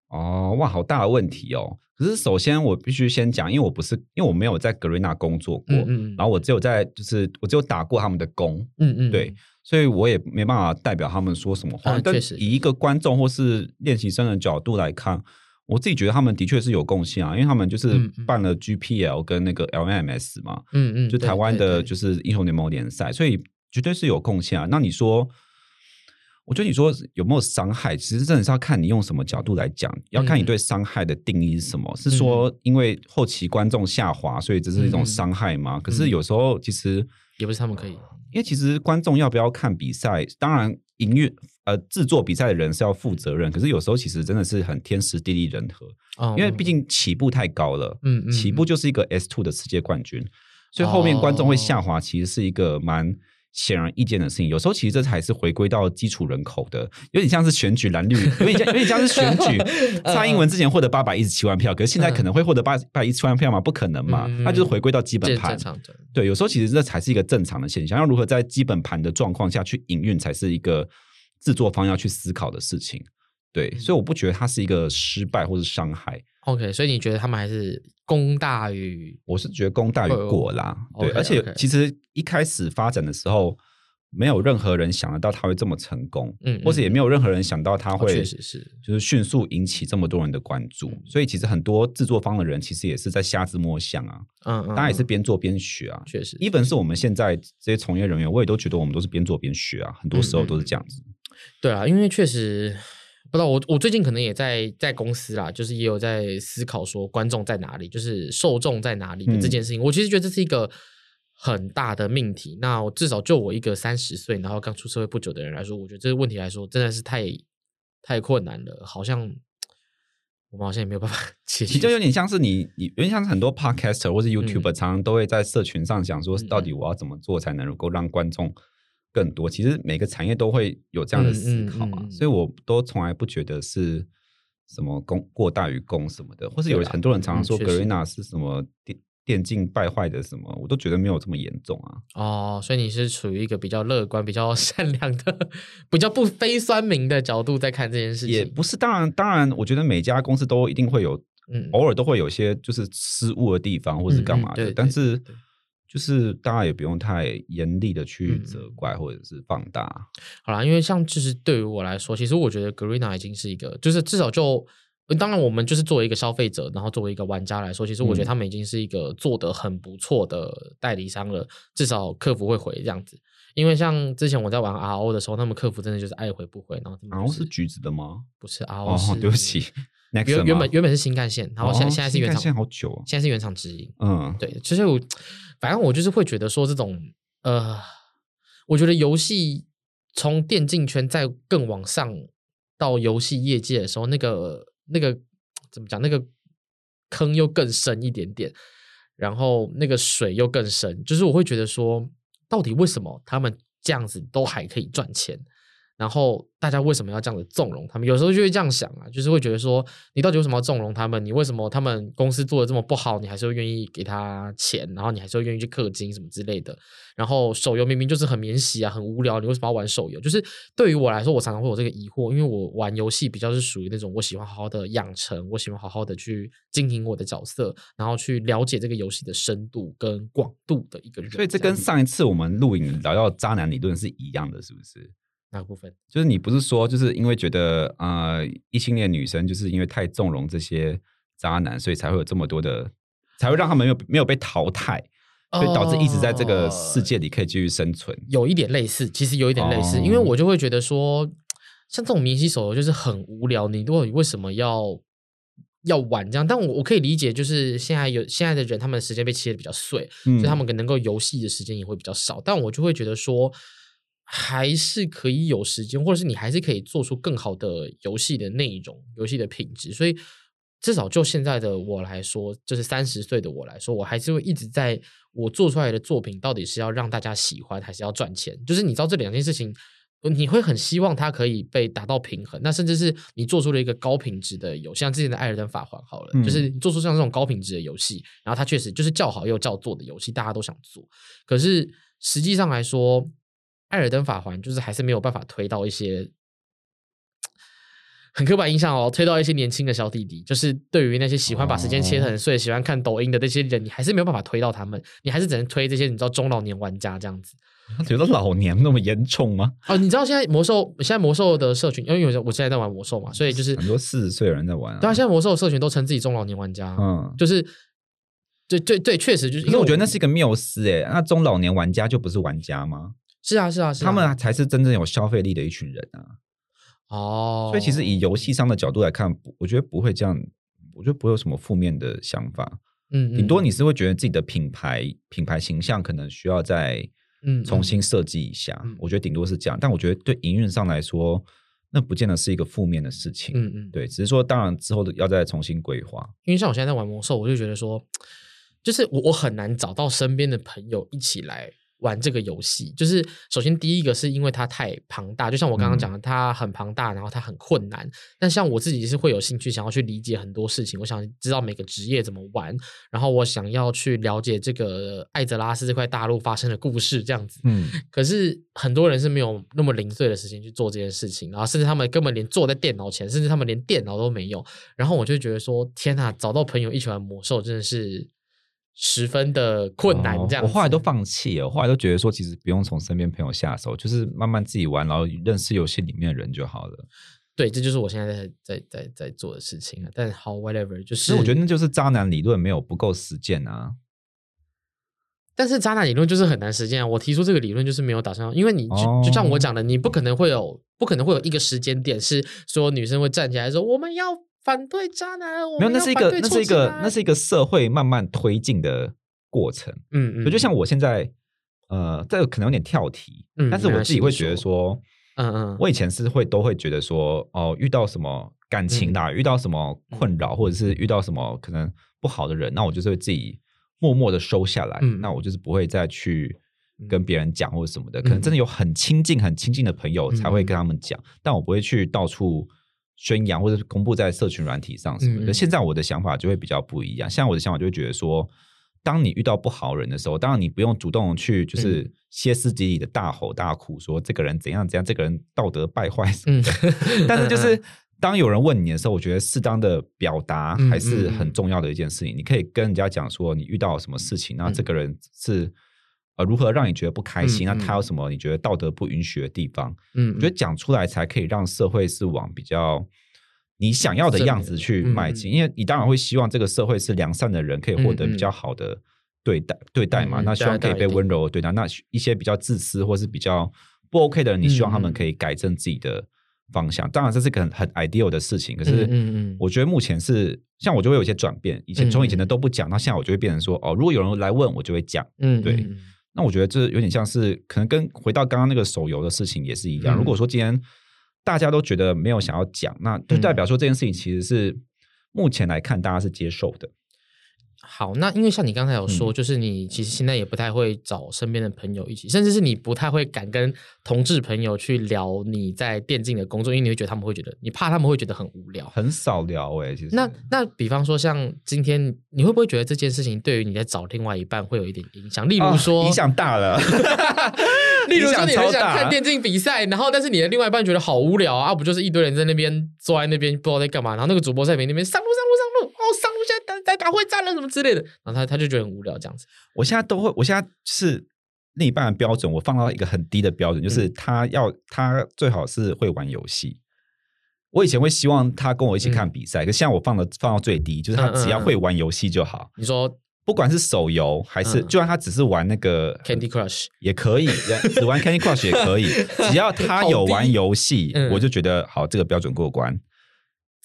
哦，哇，好大的問題哦！可是首先我必須先講，因為我不是，因為我沒有在 Garena 工作過，嗯嗯、然後我只有在，就是我只有打過他們的工，嗯嗯，嗯對，所以我也沒辦法代表他們說什麼話。啊、但是以一個觀眾或是練習生的角度來看，啊、我自己覺得他們的確是有貢獻啊，嗯嗯、因為他們就是辦了 GPL 跟那個 LMS 嘛，嗯嗯，嗯就台灣的就是英雄聯盟聯賽，所以絕對是有貢獻啊。那你說？我覺得你說有沒有傷害，其實真的是要看你用什麼角度來講，要看你對傷害的定義是什麼。嗯、是說因為後期觀眾下滑，所以這是一種傷害嗎？嗯、可是有時候其實、嗯、也不是他們可以，因為其實觀眾要不要看比賽，當然營運呃制作比賽的人是要負責任。可是有時候其實真的是很天時地利人和，哦、因為畢竟起步太高了，嗯，嗯起步就是一個 S2 的世界冠軍，所以後面觀眾會下滑，其實是一個蠻哦顯而易見的事情，有時候其實這才是回歸到基礎人口的，有點像是選舉藍綠，有點 有點像是選舉。蔡 英文之前獲得八百一十七萬票， 可是現在可能會獲得八百一十七萬票嗎？不可能嘛，那、嗯、就是回歸到基本盤。對，有時候其實這才是一個正常的現象。要如何在基本盤的狀況下去營運，才是一個製作方要去思考的事情。對，所以我不覺得它是一個失敗或是傷害。OK，所以你覺得他們還是功大於？我是覺得功大於過啦。Oh, oh. 對，okay, okay. 而且其實一開始發展的時候，沒有任何人想得到他會這麼成功，嗯，或是也沒有任何人想到他會確實是就是迅速引起這麼多人的關注。哦、所以其實很多制作方的人其實也是在瞎子摸象啊，嗯，嗯，大家也是邊做邊學啊，確、嗯嗯、實，Even 是我們現在這些從業人員，我也都覺得我們都是邊做邊學啊，嗯、很多時候都是這樣子。對啊，因為確實。我我最近可能也在在公司啦，就是也有在思考說，觀眾在哪裡，就是受眾在哪裡這件事情。嗯，我其實覺得這是一個很大的命題。那我至少就我一個三十歲，然後剛出社會不久的人來說，我覺得這個問題來說真的是太太困難了，好像我們好像也沒有辦法解決。其實有點像是你你有點像是很多 podcaster 或是 YouTuber 常常都會在社群上講說，到底我要怎麼做才能夠讓觀眾更多，其實每個產業都會有這樣的思考嘛、啊，嗯嗯嗯、所以我都從來不覺得是什麼功過大於功什麼的，或是有很多人常常說 Garena 是什麼電電競敗壞的什麼，嗯、我都覺得沒有這麼嚴重啊。哦，所以你是處於一個比較樂觀、比較善良的、比較不非酸民的角度在看這件事情？也不是。當然，當然，我覺得每家公司都一定會有，嗯、偶爾都會有一些就是失誤的地方，或是幹嘛的，嗯嗯、對但是。對對對就是大家也不用太嚴厲的去責怪、嗯、或者是放大，好啦，因為像就是對於我來說，其實我覺得 Garena 已經是一個，就是至少就當然我們就是作為一個消費者，然後作為一個玩家來說，其實我覺得他們已經是一個做得很不錯的代理商了，嗯、至少客服會回這樣子。因為像之前我在玩 RO 的時候，他們客服真的就是愛回不回，然後、就是、RO 是橘子的嗎？不是，RO 是、哦、對不起。Next 原麼原本原本是新幹線，然後現在、哦、現在是原廠。新幹線好久哦、現在是原廠直營。嗯，對，其實我，反正我就是會覺得說，這種呃，我覺得遊戲從電競圈再更往上到遊戲業界的時候，那個那個怎麼講？那個坑又更深一點點，然後那個水又更深。就是我會覺得說，到底為什麼他們這樣子都還可以賺錢？然後大家為什麼要這樣子縱容他們？有時候就會這樣想啊，就是會覺得說，你到底為什麼要縱容他們？你為什麼他們公司做的這麼不好，你還是會願意給他錢，然後你還是會願意去氪金，什麼之類的？然後手遊明明就是很免洗啊，很無聊，你為什麼要玩手遊？就是對於我來說，我常常會有這個疑惑，因為我玩遊戲比較是屬於那種我喜歡好好的養成，我喜歡好好的去經營我的角色，然後去了解這個遊戲的深度跟廣度的一個人。所以這跟上一次我們錄影聊到渣男理論是一樣的，是不是？哪個部分？就是你不是說，就是因為覺得呃，異性戀女生就是因為太縱容這些渣男，所以才會有這麼多的，才會讓他們沒有沒有被淘汰，所以導致一直在這個世界裡可以繼續生存。呃、有一點類似，其實有一點類似，哦、因為我就會覺得說，像這種明星手遊就是很無聊，你如果為什麼要要玩這樣？但我我可以理解，就是現在有現在的人，他們的時間被切的比較碎，嗯、所以他們可能夠遊戲的時間也會比較少。但我就會覺得說。還是可以有時間，或者是你還是可以做出更好的遊戲的那一種遊戲的品質。所以至少就現在的我來說，就是三十歲的我來說，我還是會一直在我做出來的作品到底是要讓大家喜歡，還是要賺錢？就是你知道這兩件事情，你會很希望它可以被達到平衡。那甚至是你做出了一個高品質的遊戲，像之前的《艾爾登法環》好了，嗯、就是做出像這種高品質的遊戲，然後它確實就是叫好又叫座的遊戲，大家都想做。可是實際上來說，艾爾登法環就是還是沒有辦法推到一些很刻板印象哦，推到一些年輕的小弟弟。就是對於那些喜歡把時間切得很碎，哦、喜歡看抖音的那些人，你還是沒有辦法推到他們，你還是只能推這些你知道中老年玩家這樣子。他覺得老年那麼嚴重嗎？哦，你知道現在魔獸，現在魔獸的社群，因為有我現在在玩魔獸嘛，所以就是很多四十歲的人在玩，啊。對啊，現在魔獸的社群都稱自己中老年玩家，嗯，就是對對對，確實就是，可是。因為我，我覺得那是一個謬思誒，那中老年玩家就不是玩家嗎？是啊是啊，是啊。他們才是真正有消費力的一群人啊！哦，所以其實以遊戲商的角度來看，我覺得不會這樣，我覺得不會有什麼負面的想法。嗯，頂多你是會覺得自己的品牌，品牌形象可能需要再重新設計一下。嗯嗯，我覺得頂多是這樣，但我覺得對營運上來說，那不見得是一個負面的事情。嗯嗯，嗯對，只是說當然之後要再重新規劃。因為像我現在在玩魔獸，我就覺得說，就是我很難找到身邊的朋友一起來。玩這個遊戲，就是首先第一個是因為它太龐大，就像我剛剛講的，它很龐大，然後它很困難。嗯、但像我自己是會有興趣想要去理解很多事情，我想知道每個職業怎麼玩，然後我想要去了解這個艾澤拉斯這塊大陸發生的故事，這樣子。嗯、可是很多人是沒有那麼零碎的時間去做這件事情，然後甚至他們根本連坐在電腦前，甚至他們連電腦都沒有。然後我就覺得說，天哪、啊，找到朋友一起玩魔獸，真的是。十分的困難，這樣子、哦、我後來都放棄了，我後來都覺得說，其實不用從身邊朋友下手，就是慢慢自己玩，然後認識遊戲裡面的人就好了。對，這就是我現在在在在在做的事情。但是好 whatever 就是、嗯，我覺得那就是渣男理論沒有不夠實踐啊。但是渣男理論就是很難實踐啊。我提出這個理論就是沒有打算，因為你就、哦、就像我講的，你不可能會有不可能會有一個時間點是說女生會站起來說我們要。反對渣男，沒有，那是一個，那是一個，那是一個社會慢慢推進的過程。嗯嗯，就像我現在，呃，這個可能有點跳題，但是我自己會覺得說，嗯嗯，我以前是會都會覺得說，哦，遇到什麼感情啦，遇到什麼困擾，或者是遇到什麼可能不好的人，那我就是會自己默默的收下來。那我就是不會再去跟別人講或者什麼的。可能真的有很親近、很親近的朋友才會跟他們講，但我不會去到處宣揚或者公布在社群軟體上什麼的。現在我的想法就會比較不一樣。在、嗯嗯、我的想法就會覺得說，當你遇到不好人的時候，當然你不用主動去就是歇斯底里的大吼大哭說，嗯、說這個人怎樣怎樣，這個人道德敗壞什麼的。嗯、 但是就是當有人問你的時候，我覺得適當的表達還是很重要的一件事情。嗯嗯嗯，你可以跟人家講說，你遇到什麼事情，然後這個人是。呃，如何讓你覺得不開心？那他有什麼你覺得道德不允許的地方？嗯，我覺得講出來才可以讓社會是往比較你想要的樣子去邁進。因為你當然會希望這個社會是良善的人可以獲得比較好的對待對待嘛。那希望可以被溫柔的對待。那一些比較自私或是比較不 OK 的人，你希望他們可以改正自己的方向。當然這是個很很 ideal 的事情。可是，我覺得目前是像我就會有一些轉變。以前從以前的都不講，那現在我就會變成說，哦，如果有人來問我，就會講。嗯，對。那我覺得這有點像是，可能跟回到剛剛那個手遊的事情也是一樣。嗯、如果說今天大家都覺得沒有想要講，那就代表說這件事情其實是目前來看大家是接受的。好，那因為像你剛才有說，就是你其實現在也不太會找身邊的朋友一起，甚至是你不太會敢跟同志朋友去聊你在電競的工作，因為你會覺得他們會覺得你怕他們會覺得很無聊，很少聊，哎、欸。其實那那比方說像今天，你會不會覺得這件事情對於你在找另外一半會有一點影響？例如說、哦、影響大了， 例如說你很想看電競比賽，大然後但是你的另外一半覺得好無聊啊，不就是一堆人在那邊坐在那邊不知道在幹嘛，然後那個主播在那邊上路上路。他會站了什麼之類的，然後他他就覺得很無聊這樣子。我現在都會，我現在是另一半的標準，我放到一個很低的標準，就是他要他最好是會玩遊戲。我以前會希望他跟我一起看比賽，可現在我放的放到最低，就是他只要會玩遊戲就好。你說不管是手遊還是，就算他只是玩那個 Candy Crush 也可以，只玩 Candy Crush 也可以，只要他有玩遊戲，我就覺得好，這個標準過關。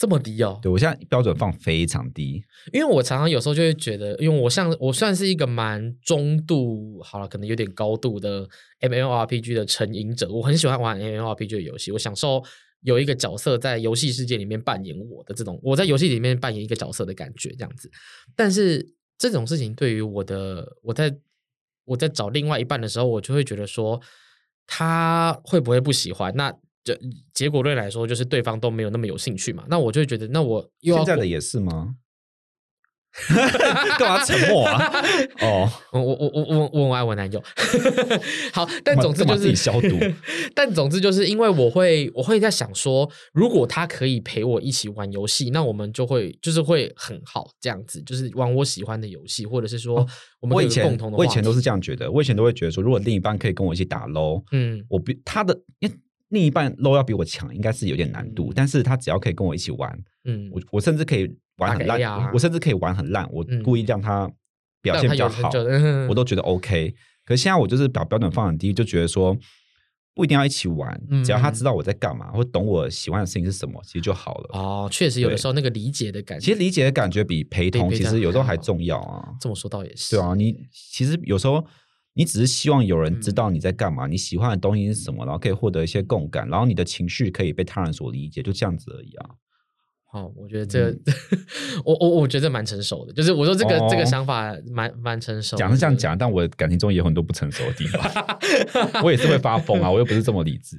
這麼低哦，對，我現在標準放非常低，因為我常常有時候就會覺得，因為我像我算是一個蠻中度，好了，可能有點高度的 M M R P G 的成癮者，我很喜歡玩 M M R P G 的遊戲，我享受有一個角色在遊戲世界裡面扮演我的這種，我在遊戲裡面扮演一個角色的感覺這樣子，但是這種事情對於我的，我在我在找另外一半的時候，我就會覺得說，他會不會不喜歡那？就結果論來說，就是對方都沒有那麼有興趣嘛。那我就會覺得，那我又現在的也是嗎？幹 嘛沉默啊？ 哦，我我我我我我愛我男友。 好，但總之就是自己消毒。但總之就是因為我會，我會在想說，如果他可以陪我一起玩遊戲，那我們就會就是會很好這樣子，就是玩我喜歡的遊戲，或者是說我們以前共同的話，哦我，我以前都是這樣覺得，我以前都會覺得說，如果另一半可以跟我一起打 LOL，嗯，我不他的因為另一半 low 要比我強，應該是有點難度。但是他只要可以跟我一起玩，嗯，我我甚至可以玩很爛，我甚至可以玩很爛，我故意讓他表現比較好，我都覺得 OK。可是現在我就是把標準放很低，就覺得說不一定要一起玩，只要他知道我在幹嘛，或懂我喜歡的事情是什麼，其實就好了。哦，確實有的時候那個理解的感覺，其實理解的感覺比陪同其實有時候還重要啊。這麼說倒也是，對啊，你其實有時候。你只是希望有人知道你在幹嘛，嗯、你喜歡的東西是什麼，然後可以獲得一些共感，然後你的情緒可以被他人所理解，就這樣子而已啊。好、哦，我覺得這個，嗯、我我我覺得這蠻成熟的，就是我說這個、哦、這個想法蠻蠻成熟的。講是這樣講，但我感情中也有很多不成熟的地方， 我也是會發瘋啊，我又不是這麼理智。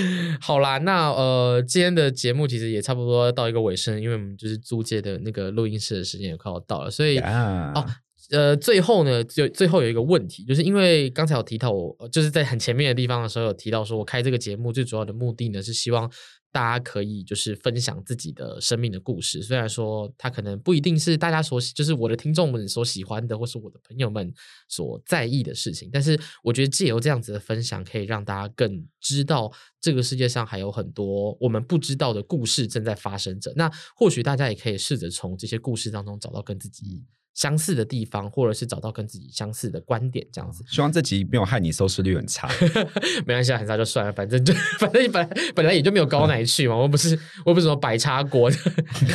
好啦，那呃，今天的節目其實也差不多到一個尾聲，因為我們就是租借的那個錄音室的時間也快要到了，所以啊。Yeah. 哦。呃，最後呢，就最後有一個問題，就是因為剛才有提到我，我就是在很前面的地方的時候有提到，說我開這個節目最主要的目的呢，是希望大家可以就是分享自己的生命的故事。雖然說它可能不一定是大家所，就是我的聽眾們所喜歡的，或是我的朋友們所在意的事情，但是我覺得借由這樣子的分享，可以讓大家更知道這個世界上還有很多我們不知道的故事正在發生着。那或許大家也可以試着從這些故事當中找到跟自己。相似的地方，或者是找到跟自己相似的觀點，這樣子。希望這集沒有害你收視率很差， 沒關係、啊，很差就算了，反正就反正本來本來也就沒有高奶去嘛、哦，我，我不是我不是什麼白插國，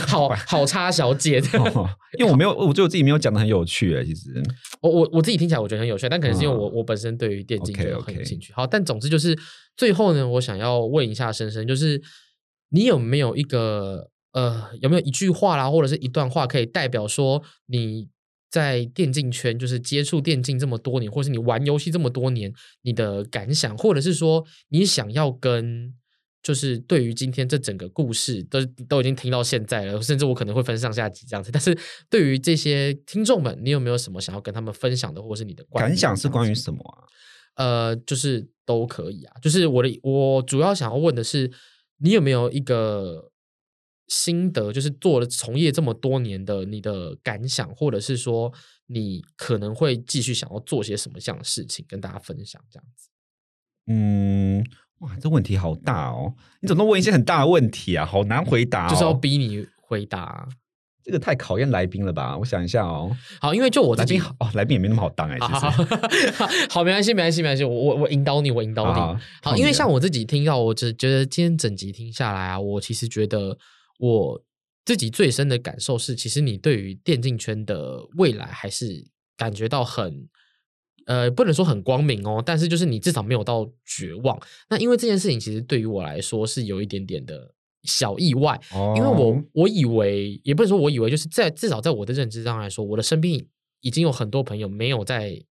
好好插小姐這樣。哦、 因為我沒有，我覺得我自己沒有講的很有趣誒，其實我我我自己聽起來我覺得很有趣，但可能是因為我、哦、我本身對於電競很有興趣。Okay, okay 好，但總之就是最後呢，我想要問一下聲聲，就是你有沒有一個？呃，有沒有一句話啦，或者是一段話，可以代表說你在電競圈，就是接觸電競這麼多年，或者是你玩遊戲這麼多年，你的感想，或者是說你想要跟，就是對於今天這整個故事，都都已經聽到現在了，甚至我可能會分上下集這樣子。但是，對於這些聽眾們，你有沒有什麼想要跟他們分享的，或者是你的，的感，感想是關於什麼啊？呃，就是都可以啊，就是我的，我主要想要問的是，你有沒有一個。心得就是做了從業這麼多年的你的感想，或者是說你可能會繼續想要做些什麼樣的事情，跟大家分享這樣子。嗯，哇，這問題好大哦！你怎麼問一些很大的問題啊，好難回答、哦嗯，就是要逼你回答、啊。這個太考驗來賓了吧？我想一下哦。好，因為就我自己來賓哦，來賓也沒那麼好當哎，欸啊。好，沒關係，沒關係，沒關係。我我引導你，我引導你好。好，好好因為像我自己聽到，我只覺得今天整集聽下來啊，我其實覺得。我自己最深的感受是，其實你對於電競圈的未來還是感覺到很，呃，不能說很光明哦，但是就是你至少沒有到絕望。那因為這件事情，其實對於我來說是有一點點的小意外，因為我我以為，也不能說我以為，就是在至少在我的認知上來說，我的身邊已經有很多朋友沒有在。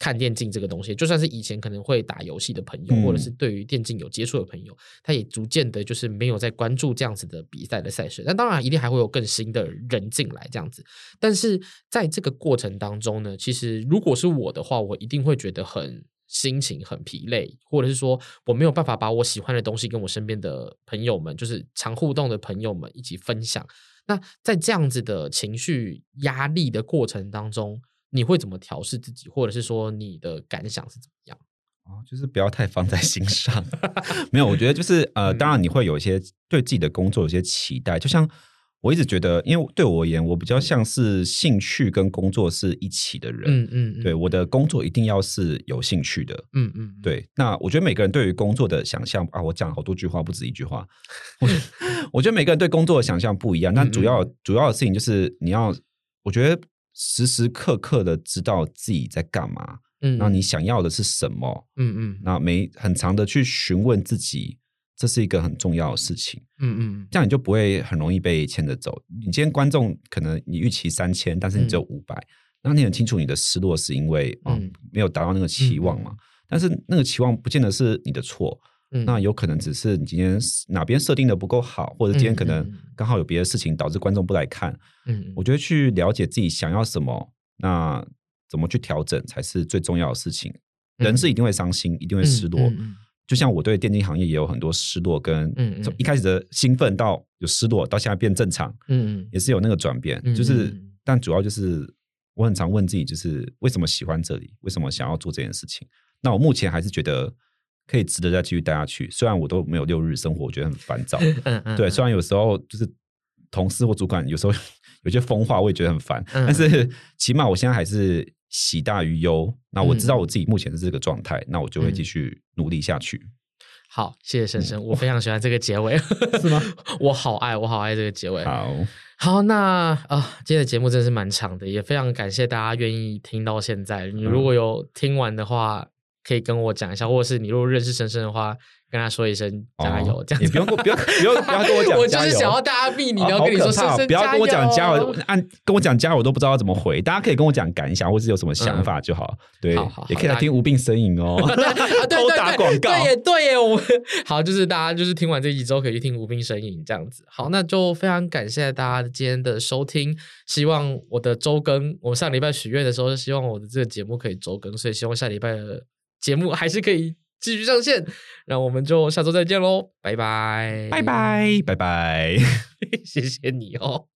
看電競這個東西，就算是以前可能會打遊戲的朋友，或者是對於電競有接觸的朋友，他也逐漸的，就是沒有在關注這樣子的比賽的賽事。那當然，一定還會有更新的人進來這樣子。但是在這個過程當中呢，其實如果是我的話，我一定會覺得很心情很疲累，或者是說我沒有辦法把我喜歡的東西跟我身邊的朋友們，就是常互動的朋友們一起分享。那在這樣子的情緒壓力的過程當中。你會怎麼調適自己，或者是說你的感想是怎麼樣？就是不要太放在心上。 沒有，我覺得就是呃，嗯、當然你會有一些對自己的工作有些期待。就像我一直覺得，因為對我而言，我比較像是興趣跟工作是一起的人。嗯嗯、嗯，對，我的工作一定要是有興趣的。嗯嗯、嗯，對。那我覺得每個人對於工作的想象啊，我講了好多句話，不止一句話。我覺得， 我覺得每個人對工作的想象不一樣，那主要嗯嗯、主要的事情就是你要，我覺得。時時刻刻的知道自己在幹嘛，嗯，那你想要的是什麼，嗯嗯，那、嗯、每很長的去詢問自己，這是一個很重要的事情，嗯嗯，嗯，這樣你就不會很容易被牽着走。你今天觀眾可能你預期三千，但是你只有五百，那、嗯、你很清楚你的失落是因為嗯、哦、沒有達到那個期望嘛？嗯嗯、但是那個期望不見得是你的錯。嗯、那有可能只是你今天哪邊設定的不夠好，或者今天可能剛好有別的事情導致觀眾不來看。嗯，嗯我覺得去了解自己想要什麼，那怎麼去調整才是最重要的事情。人是一定會傷心，嗯、一定會失落。嗯嗯、就像我對電競行業也有很多失落，跟從一開始的興奮到有失落，到現在變正常，嗯，嗯也是有那個轉變。嗯嗯、就是，但主要就是我很常問自己，就是為什麼喜歡這裡，為什麼想要做這件事情。那我目前還是覺得。可以值得再繼續待下去。雖然我都沒有六日生活，我覺得很煩躁。嗯嗯對，雖然有時候就是同事或主管有時候有些瘋話，我也覺得很煩。嗯嗯但是起碼我現在還是喜大於憂。那我知道我自己目前是這個狀態，嗯、那我就會繼續努力下去。好，謝謝聲聲，嗯、我非常喜歡這個結尾。哦、是嗎？ 我好愛，我好愛這個結尾。好，好，那啊、哦，今天的節目真是蠻長的，也非常感謝大家願意聽到現在。你如果有聽完的話。嗯可以跟我講一下，或者是你如果認識聲聲的話，跟他說一聲加油這樣子。你不要不要跟我講，我就是想要大家避你，然後跟你說聲聲加油。不要跟我講加油，按跟我講加油我都不知道怎麼回。大家可以跟我講感想，或者是有什麼想法就好。對，也可以來聽無病聲吟哦。偷打廣告，對也對耶。好，就是大家就是聽完這一周，可以去聽無病聲吟這樣子。好，那就非常感謝大家今天的收聽。希望我的周更，我上禮拜許願的時候希望我的這個節目可以周更，所以希望下禮拜節目還是可以繼續上線，那我們就下周再見嘍！拜拜，拜拜，拜拜，謝謝你哦。